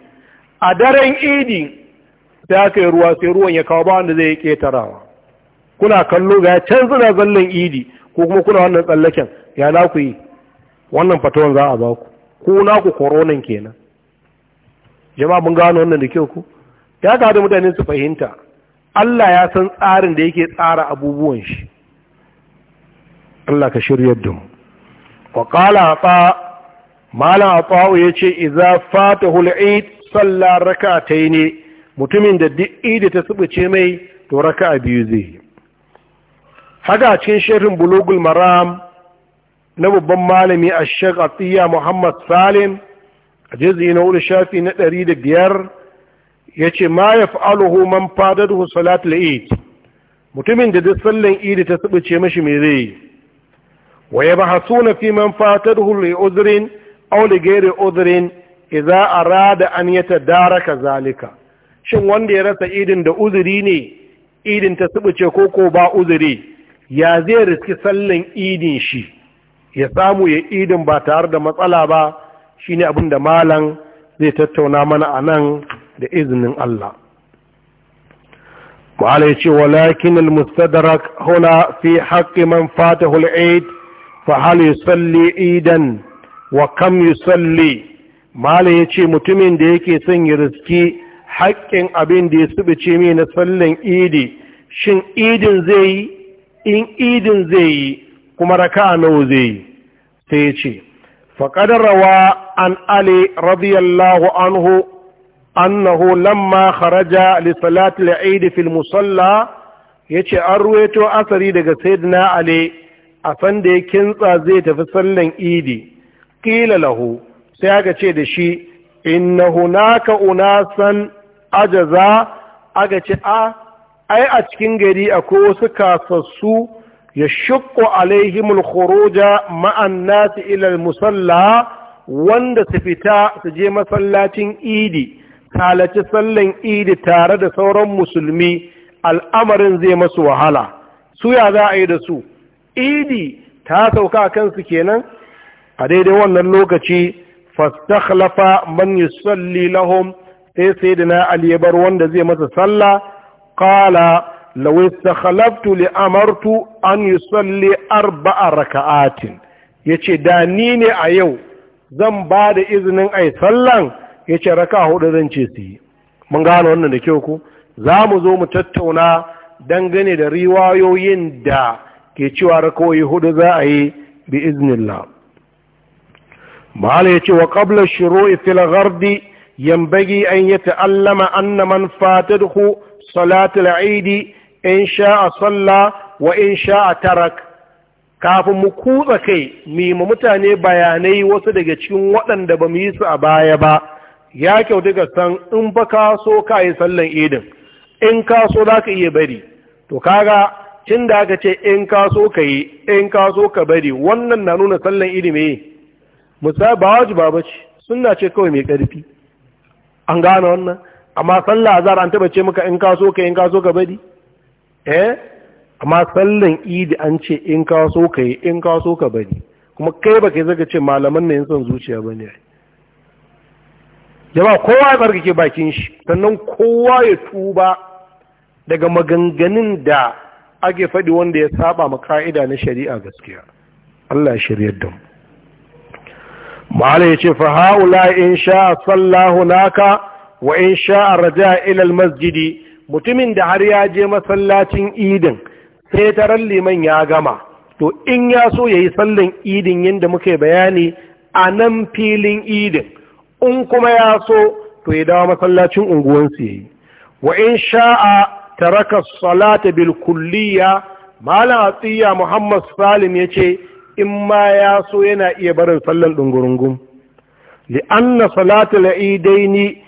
a daren idi sai aka yi ruwa sai ruwan ya kawo ba wanda zai yi ketarawa kuna kallo ga can suna zallan idi ko kuma kuna wannan tsallaken ya na ku yi wannan fatawan za a ba ku ko na ku koronan kenan jama'a mun gano wannan da kyau ku ya ka da mutane su fahimta Allah ya san tsarin da yake tsara abubuwan shi Allah ka shiryar da mu wa qala fa malam afa'u yace idza fatahu al-eid salla rak'atayn mutumin da duk idi ta subuce mai to rak'a biyu zai haka cikin sharhin bulugul maram na babban malami ash-shaykh Muhammad Salim a juz'i na 4 shafi na biyar. ya ce ma ya fa'aluhu man fadadu salatul La'i, mutumin da duk sallan idi ta ce mashi mai zai yi wa ya ba bahasuna fi man fataduhu uzirin? udhrin gairi li ghairi udhrin idza arada an yatadaraka zalika shin wanda ya rasa idin da uzuri ne idin ta ce ko ko ba uzuri ya zai riski sallan idin shi ya samu ya idin ba tare da matsala ba shine abin da malam zai tattauna mana a nan da izinin Allah ma'ala yace walakin al-mustadrak huna fi haƙi man fata al fa hal yusalli idan wa kam yusalli ma'ala ce mutumin da yake son ya riski haƙƙin abin da ya ce mai na sallan idi shin idin zai yi in idin zai yi kuma raka nawa zai yi sai ya ce faƙadar an ali radiyallahu anhu annahu lamma kharaja li salati al-eid fi al-musalla yace an ruwaito asari daga sayyidina ali a sanda ya kintsa zai tafi sallan idi qila lahu sai aka ce da shi inna hunaka unasan ajaza aka ce a ai a cikin gari akwai wasu kasassu ya shukku alaihimul khuruja ma'an nasi ila musalla wanda su fita su je masallacin idi kalaci sallan idi tare da sauran musulmi al'amarin zai masu wahala su ya za a yi da su idi ta sauka kansu kenan a daidai wannan lokaci fastakhlafa man yusalli lahum sai sai da na aliyabar wanda zai masa sallah kala lawai li'amartu li amartu an yusalli arba'a raka'atin yace da ni ne a yau zan ba da izinin ai sallan ya ce raka hudu zan ce su yi mun gano wannan da kyau ku za mu zo mu tattauna dangane da riwayoyin da ke cewa rakawai hudu za a yi bi iznillah mahala ya ce wa ƙabla shiro ifil gardi yambagi an yi ta'allama anna man fatadhu salatul aidi in a salla wa in a tarak kafin mu kutsa kai mu mutane bayanai wasu daga cikin waɗanda ba mu yi su a baya ba ya kyautu ka san in ba ka so ka yi sallan idin in ka so za ka iya bari to kaga cin da aka ce in ka so ka yi in ka so ka bari wannan na nuna sallan idin mai musa ba waji ba ce na ce kawai mai ƙarfi an gane wannan amma sallah azhar an taba ce maka in ka so ka in ka so ka bari eh amma sallan idi an ce in ka so ka yi in ka so ka bari kuma kai ba kai zaka ce malaman ne yin son zuciya bane ai jama'a kowa ya tsarkake bakin shi sannan kowa ya tuba daga maganganun da ake faɗi wanda ya saba ma ka'ida na shari'a gaskiya Allah ya shiryar da mu ma'ala ya ce fa haula in sha sallahu naka wa in sha raja ilal masjidi mutumin da har ya je masallacin idin sai taran liman ya gama to in ya so yayi yi sallan idin yanda muke bayani a nan filin idin in kuma ya so to ya dawo masallacin unguwansu ya yi wa in sha'a taraka salata bil kulliya malam atiya muhammad salim ya ce in ma ya so yana iya barin sallan ɗungurungun li'anna salatu la'idaini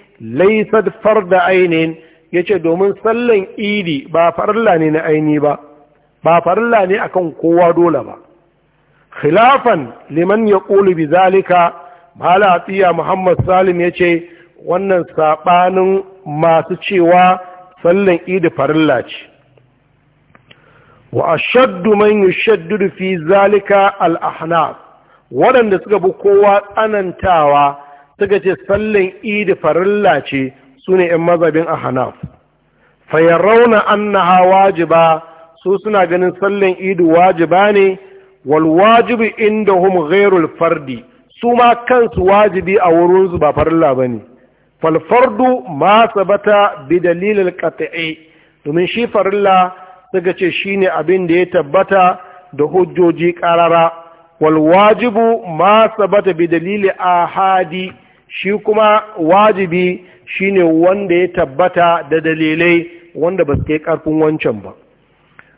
da farda ya yace domin sallan idi ba farilla ne na aini ba ba farilla ne akan kowa dole ba khilafan liman yaqulu bizalika mahala atiya muhammad salim ya ce wannan saɓanin masu cewa sallan idi farilla ce wa ashaddu man Shaddu fi zalika al-ahnaf waɗanda suka bi kowa tsanantawa suka ce sallan idi farilla ce su ne ‘yan mazabin ahnaf fayarrauna annaha wajiba su suna ganin sallan idi wajiba ne wal wajibi inda hum ghairul fardi su ma kansu wajibi a wurinsu ba farilla ba ne falfardu ma sabata bi dalilin kata'i domin shi farilla suka ce shi ne abin da ya tabbata da hujjoji ƙarara walwajibu ma sabata bi dalilin ahadi shi kuma wajibi shi ne wanda ya tabbata da dalilai wanda ba su kai ƙarfin wancan ba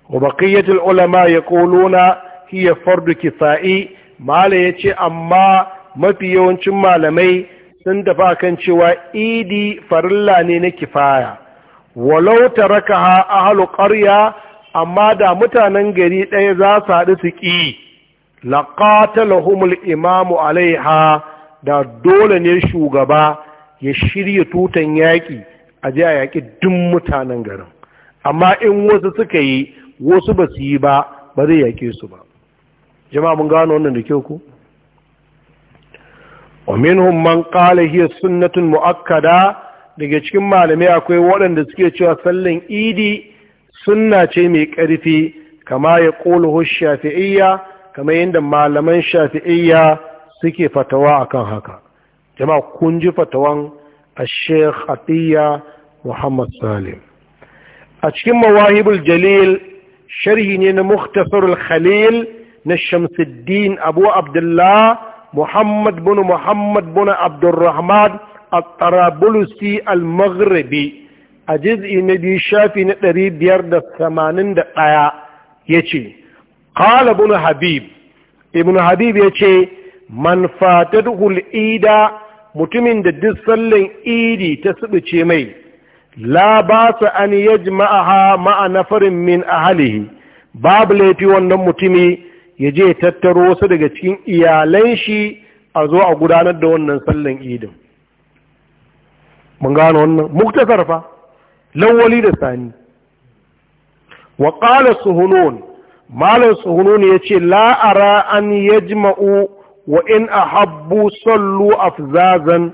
wa ulama ya kolona hiya fardu kifa'i mala ya ce amma mafi yawancin malamai sun dafa kan cewa idi farilla ne na kifaya walau raka ha a halu ƙarya amma da mutanen gari ɗaya za su haɗu su ƙi lahumul imamu alaiha da dole ne shugaba ya shirya tutan yaƙi a ji a yaƙi duk mutanen garin amma in wasu suka yi wasu ba su yi ba ba zai yaƙe su ba jama'a mun gano wannan da kyau ku wa minhum man qala hiya sunnatun muakkada daga cikin malamai akwai waɗanda suke cewa sallan idi sunna ce mai ƙarfi kama ya qulu shafi'iyya kamar yadda malaman shafi'iyya suke fatawa akan haka jama'a kun ji fatawan ash sheikh Atiyya Muhammad Salim a cikin mawahibul jalil sharhi ne na mukhtasarul khalil na shamsuddin abu abdullah muhammad bin muhammad bin abdurrahman al-tarabulusi al-maghribi a jiz'i na biyu shafi na ɗari biyar da tamanin da ɗaya ya ce ƙala bin habib ibn habib ya ce man fatar ida mutumin da duk sallan idi ta subuce mai la ba su an yajma'aha ma'a nafarin min ahalihi babu laifi wannan mutumi ya je ya tattaro wasu daga cikin iyalan shi a zo a gudanar da wannan sallan idin mun gano wannan muktasar fa lawali da sani wa qala suhunun malam suhunun yace la ara an yajma'u wa in a habbu sallu afzazan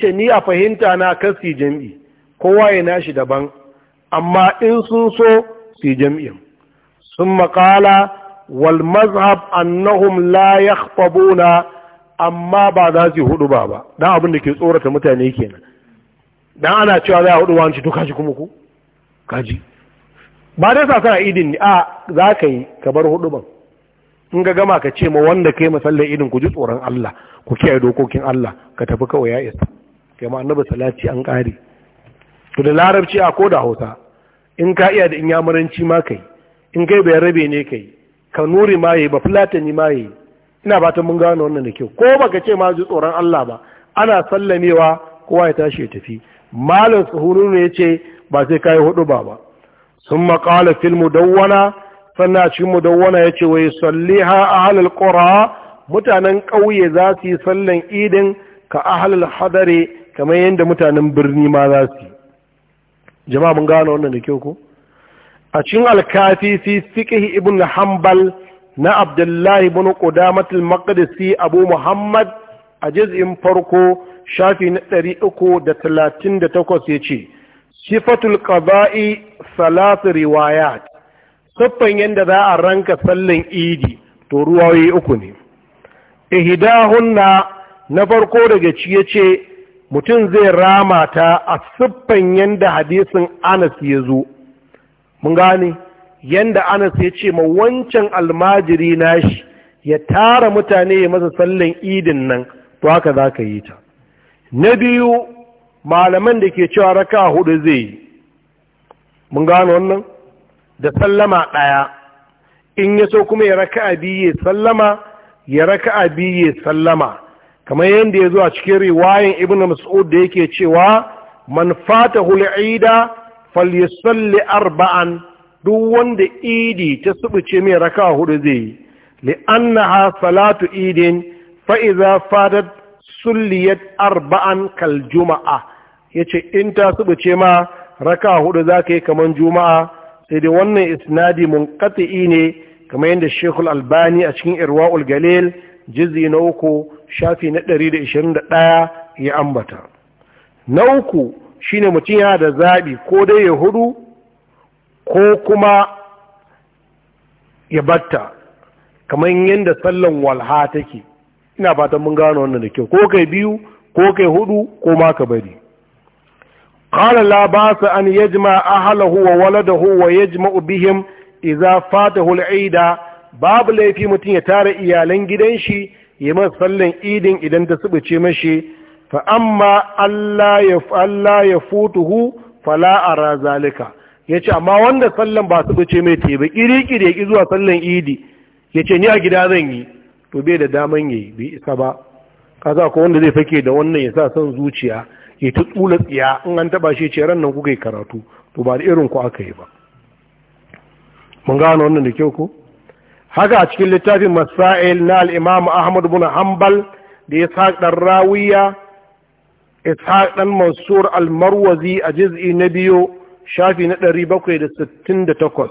ce ni a fahimta na kasi jam'i kowa ya nashi daban amma in sun so su jam'in sun maƙala wal mazhab annahum la yakhtabuna amma ba za su hudu ba ba dan abin da ke tsorata mutane kenan dan ana cewa za a hudu wani to kaji kuma ku kaji ba dai sa kana idin ne a za ka yi ka bar hudu ban in ga gama ka ce ma wanda kai masallar idin ku ji tsoron Allah ku kiyaye dokokin Allah ka tafi kawai ya isa kai ma annabi salati an kare to da larabci a ko da Hausa in ka iya da inyamuranci ma kai in kai bai rabe ne kai kanuri ma yi ba fulatani ma yi ina fatan mun gano wannan da kyau ko baka ce ma ji tsoron Allah ba ana sallamewa kowa ya tashi ya tafi malam tsuhuru ne yace ba sai kai hudu ba ba sun maƙala fil mudawwana sannan cikin mudawwana yace wai salliha ahlul qura mutanen ƙauye za su yi sallan idin ka ahlul hadare kamar yadda mutanen birni ma za su yi jama'a mun gano wannan da kyau ko a cikin alkafi fi fiqh na abdullahi ibn qudamah al-maqdisi abu muhammad a juz'in farko shafi na da da talatin 338 yace sifatul qada'i salat riwayat siffan yanda za a ranka sallan idi to ruwayoyi uku ne ihdahunna na farko daga ci yace mutum zai rama ta a siffan yanda hadisin Anas ya zo mun gane yanda anas ya ce ma wancan almajiri nashi ya tara mutane ya masa sallan idin nan to haka za ka yi ta na biyu malaman da ke cewa raka hudu zai yi mun gane wannan da sallama ɗaya in ya so kuma ya raka biyu ya sallama ya raka biyu ya sallama kamar yadda ya zo a cikin riwayan ibn mas'ud da yake cewa man fata hul'ida falyasalli arba'an duk wanda idi ta subuce mai raka hudu zai yi li'annaha salatu idin fa iza fadat sulliyat arba'an kal juma'a yace in ta subuce ma raka hudu zaka yi kaman juma'a sai dai wannan isnadi munqati'i ne kamar yadda Sheikhul Albani a cikin Irwaul Galil juz'i na uku shafi na 121 ya ambata na uku shine mutum yana da zaɓi ko dai ya hudu ko kuma ya batta kamar yadda sallan walha take ina fatan mun gano wannan da kyau ko kai biyu ko kai hudu ko ma ka bari qala la ba'sa an yajma ahlahu wa waladahu wa yajma'u bihim idza fatahu al babu laifi mutum ya tara iyalan gidan shi ya masa sallan idin idan ta subuce mashi fa amma Allah ya Allah ya futuhu fala ara zalika yace amma wanda sallan ba su bace mai tebe kiri ya ƙi zuwa sallan idi yace ni a gida zan yi to bai da daman yi bai isa ba kaza ko wanda zai fake da wannan yasa son zuciya ya ta tsula tsiya in an taba shi ce ran nan kuka yi karatu to ba da irin ku aka yi ba mun gano wannan da kyau ko haka a cikin littafin masail na al-imam ahmad bin hanbal da ya sa rawiya ishaq ɗan mansur almarwazi a jiz'i na biyu shafi na ɗari bakwai da sittin da takwas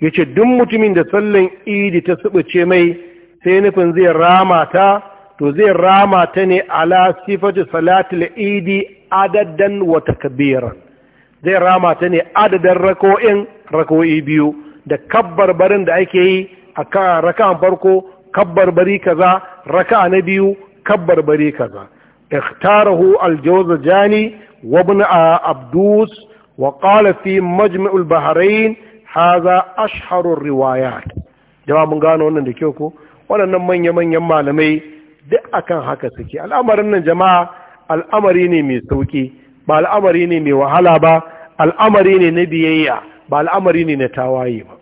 ya ce duk mutumin da sallar idi ta subuce mai sai nufin zai rama ta to zai rama ta ne ala sifatu salatul idi adadan wata takbiran zai rama ta ne adadin rako'in rako'i biyu da kabbar barin da ake yi a raka'an farko kabbar bari kaza raka'a na biyu kabbar bari kaza اختاره الجوزجاني وابن عبدوس وقال في مجمع البحرين هذا أشهر الروايات gano من da kyau ko waɗannan manya-manyan malamai duk akan haka suke al'amarin nan jama'a al'amari ne mai sauki ba al'amari ne mai wahala ba al'amari ne na biyayya ba al'amari ne na tawaye ba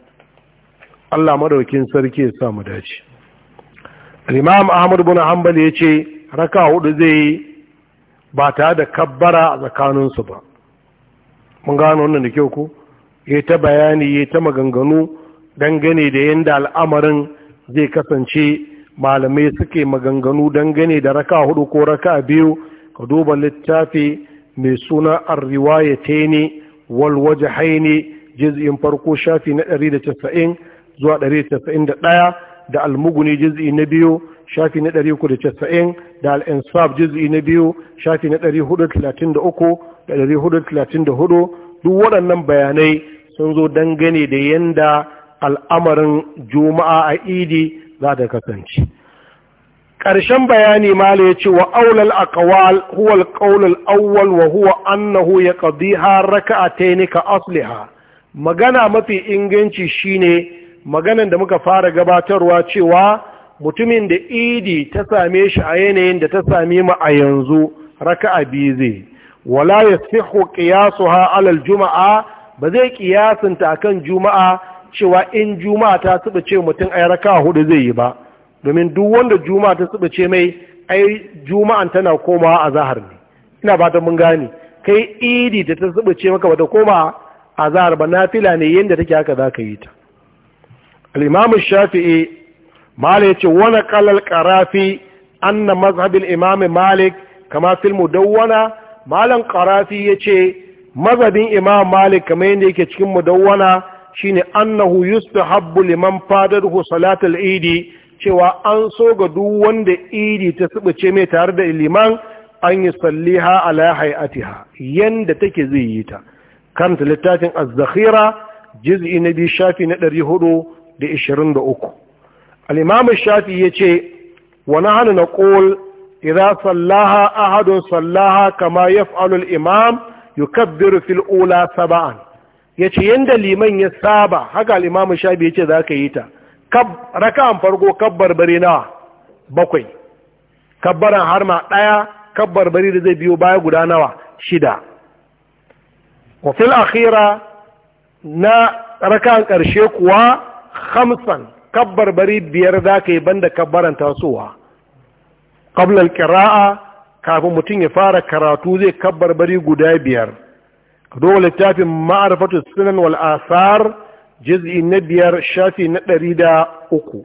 Allah madaukin sarki ya samu dace Imam Ahmad bin Hanbal yace raka hudu zai yi ba tare da kabbara a tsakaninsu ba mun gano wannan da kyau ku ya ta bayani ya ta maganganu dangane da yadda al'amarin zai kasance malamai suke maganganu dangane da raka hudu ko raka biyu ka duba littafi mai suna arriwaya ne walwaje haini jizgin farko shafi na 190 zuwa 191 da almuguni jizgi na biyu shafi na 390 da al'insaf insaf juz'i na biyu shafi na 433 da 434 duk waɗannan bayanai sun zo dangane da yanda al'amarin juma'a a idi za ta kasance ƙarshen bayani mala ya ce wa aulal Akawal huwal al Auwal wa huwa annahu ya haraka a Tainika asliha magana mafi inganci shine maganan da muka fara gabatarwa cewa mutumin da idi ta same shi a yanayin da ta same mu a yanzu raka'a biyu zai wala ya ƙiyasu ha alal juma'a ba zai ta kan juma'a cewa in juma'a ta suɓa ce mutum ai raka'a hudu zai yi ba domin duk wanda juma'a ta suɓa ce mai ai juma'an tana komawa a zahar ne ina ta mun gane kai idi da ta suɓa ce maka bata koma a zahar ba na fila ne ta take haka za ka yi ta al shafi'i mala yace wani kalal karafi anna mazhabin imam malik kama fil mudawwana malam qarafi yace mazhabin imam malik kamar yadda yake cikin mudawwana shine annahu yustahabbu liman fadahu salatul idi cewa an so ga duk wanda idi ta subuce mai tare da liman an yi salliha ala hay'atiha yanda take zai yi ta karanta littafin az-zakhira juz'i na biyu shafi na ɗari da 423 الإمام الشافعي يجي ونحن نقول إذا صلاها أحد صلاها كما يفعل الإمام يكبر في الأولى سبعا يجي يند لمن يسابع هكا الإمام الشافعي يجي ذاك يتا كب ركام فرقو كبر برنا بقي كبر حرم أيا كبر بري رزي بيو بايا قدانا شدا وفي الأخيرة نا ركان كرشيك وخمسا kabbar bari biyar za ka yi banda kabbaran tasowa ƙablar ƙira'a kafin mutum ya fara karatu zai kabbar bari guda biyar dole littafin ma'arfatu sunan wal asar juz'i na biyar shafi na ɗari da uku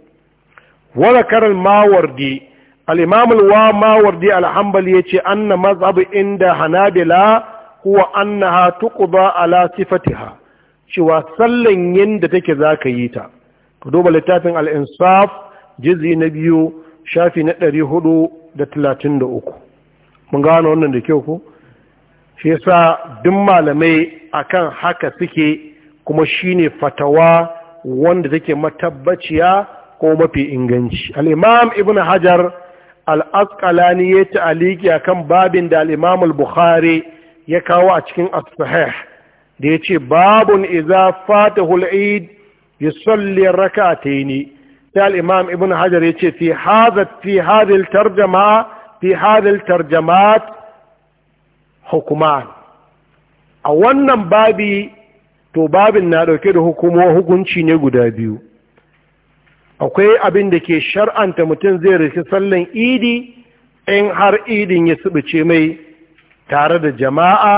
wala karal mawardi al-imam al-mawardi al-hanbali yace anna mazhab inda hanabila huwa annaha tuqda ala sifatiha cewa sallan yanda take zaka yi ta ku duba littafin al'insaf jizi na biyu shafi na ɗari hudu da talatin da uku mun gano wannan da kyau ku shi yasa duk malamai akan haka suke kuma shine fatawa wanda take matabbaciya ko mafi inganci al'imam ibn hajar al'asƙalani ya aliki a kan babin da al'imam al-bukhari ya kawo a cikin as da ya ce babun iza fatahul eid yusalli rak'atayn ne. al-imam ibn hajar yace fi hadha fi hadhihi al-tarjuma fi hadhihi al a wannan babi to babin na dauke da hukumo hukunci ne guda biyu akwai abin da ke shar'anta mutum zai rishi sallan idi in har idin ya subuce mai tare da jama'a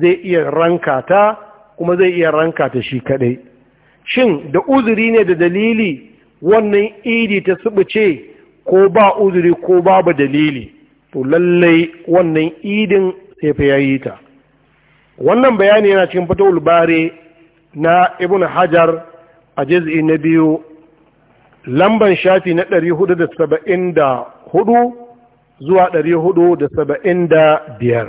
zai iya ranka ta kuma zai iya ranka ta shi kadai shin da uzuri ne da dalili wannan idi ta subuce ko ba uzuri ko babu dalili to lallai wannan idin sai fa yayi ta wannan bayani yana cikin fatawul bare na ibnu hajar a juz'i na biyu lamban shafi na 474 zuwa 475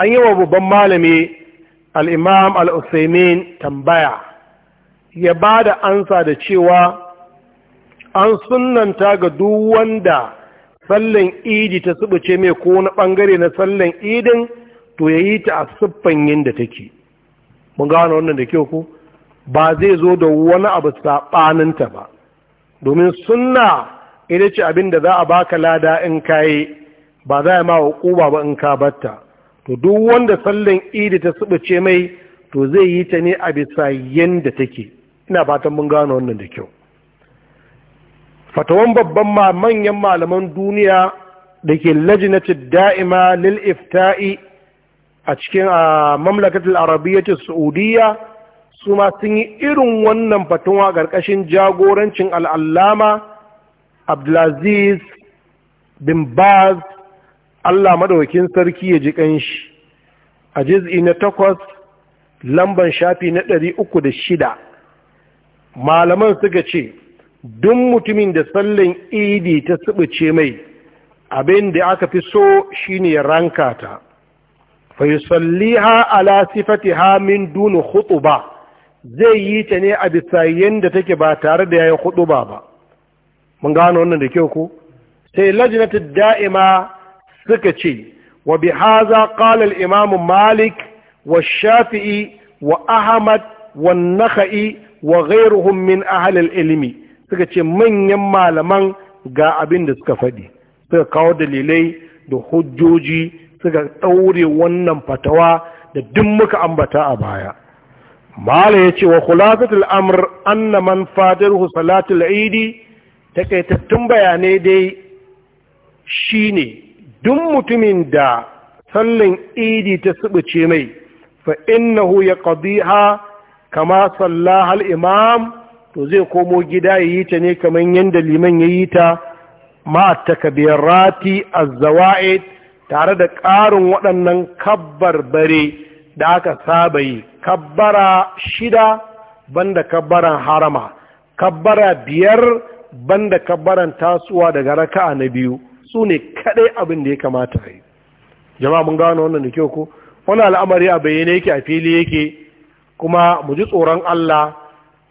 an yi wa babban malami al'imam al'usaimin tambaya ya ba da ansa da cewa an sunanta ga duwanda sallan idi ta subuce mai ko na ɓangare na sallan idin to ya yi ta a siffan da take mun gano wannan da kyau ku ba zai zo da wani abu saɓaninta ba domin sunna ita ce abin da za a baka lada in kayi ba za a ma ƙuba ba in ka batta to duk wanda sallan idi ta subuce mai to zai yi ta ne a bisa yadda take ina fatan mun gano wannan da kyau fatawan babban ma manyan malaman duniya da ke na da'ima lil ifta'i a cikin a mamlakatul ta saudiya su ma sun yi irin wannan fatuwa ƙarƙashin jagorancin al'allama abdulaziz bin baz Allah madawakin sarki ya ji ƙanshi. a jiz'i na takwas lamban shafi na ɗari uku da shida malaman suka ce duk mutumin da sallan idi ta subuce mai abin da aka fi so shine ya ranka ta salli ha ala ha min duni ba, zai yi ta ne a bisa yanda take ba tare da yayin huɗu ba mun gano wannan da kyau ko sai lajinatu da'ima suka ce wa bi haza qala al imam malik wa shafi'i wa ahmad wa nakhai wa ghayruhum min ahli al suka ce manyan malaman ga abin da suka faɗi suka kawo dalilai da hujjoji suka daure wannan fatawa da duk muka ambata a baya mala ya ce wa khulasatul amr anna man fadaruhu salatul idi takaitattun bayanai dai shine duk mutumin da sallan idi ta subuce mai fa innahu ya qadiha kama sallaha al-imam to zai komo gida yayi ta ne kaman yanda liman yayi ta ma takbirati az-zawaid tare da ƙarin waɗannan kabbar bare da aka saba yi kabbara shida banda kabbaran harama kabbara biyar banda kabbaran tasuwa daga raka'a na biyu su ne kaɗai abin da ya kamata yi jama'a mun gano wannan da kyau ko wani al'amari a bayyane yake a fili yake kuma mu ji tsoron Allah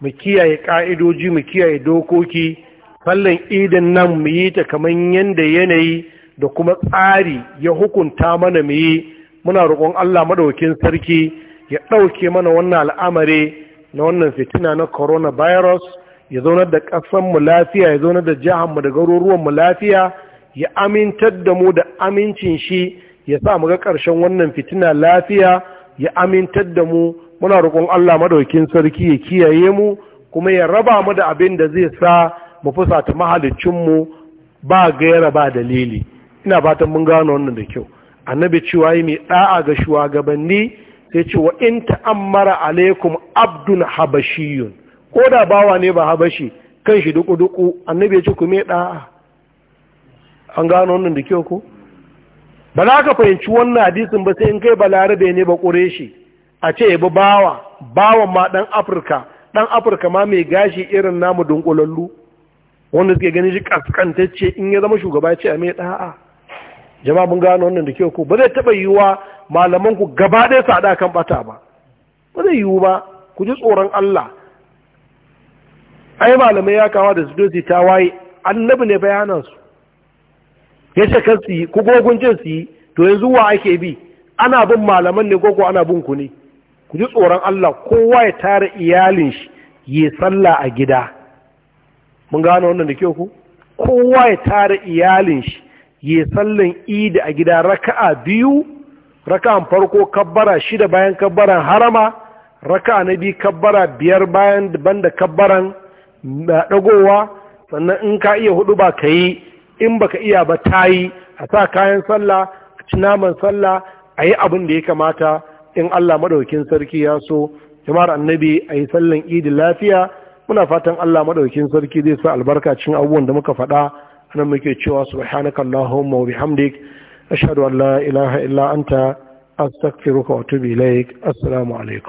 mu kiyaye ka'idoji mu kiyaye dokoki kallon idin nan mu yi ta kamar yanda yanayi da kuma tsari ya hukunta mana mu yi muna roƙon Allah madaukin sarki ya ɗauke mana wannan al'amari na wannan fitina na coronavirus ya zaunar da ƙasar lafiya ya zaunar da jihar mu da garuruwan lafiya ya amintar da mu da amincin shi ya sa mu ga ƙarshen wannan fitina lafiya ya amintar da mu muna roƙon Allah madaukin sarki ya kiyaye mu kuma ya raba mu da abin da zai sa mu fusata mahalicin mu ba gaira ba dalili ina fatan mun gano wannan da kyau annabi cewa yi mai da'a ga shugabanni sai ce wa in ta'ammara alaikum abdun habashiyun ko da bawa ne ba habashi kan shi duku duku annabi ya ce ku mai da'a an gano wannan da kyau ko ba za ka fahimci wannan hadisin ba sai in kai balarabe ne ba shi a ce ba bawa bawa ma ɗan afirka ɗan afirka ma mai gashi irin namu dunkulallu wanda suke ganin shi kaskantacce in ya zama shugaba ce a mai ɗa'a jama'a mun gano wannan da kyau ko ba zai taɓa yiwuwa malaman ku gaba ɗaya su haɗa kan bata ba ba zai yiwu ba ku ji tsoron Allah ai malamai ya kawo da su ta waye annabi ne bayanan su ya ce kan su yi ku gogun su yi to yanzu ake bi ana bin malaman ne ko ana bin ku ne ku ji tsoron Allah kowa ya tara iyalin shi yi sallah a gida mun gano wannan da ke ku kowa ya tara iyalin shi yi sallan idi a gida raka'a biyu raka'an farko kabbara shida bayan kabbaran harama raka'a na biyu kabbara biyar bayan da kabbaran dagowa mm, sannan in ka iya hudu ba ka yi in baka iya ba ta yi a sa kayan sallah a ci naman sallah a yi abin da ya kamata in Allah maɗaukin sarki ya so jama'ar annabi a yi sallan idi lafiya muna fatan Allah maɗaukin sarki zai sa albarka cin abubuwan da muka faɗa Anan muke cewa subhanaka allahumma wa bihamdik ashhadu an la ilaha illa anta astaghfiruka wa atubu ilaik assalamu alaikum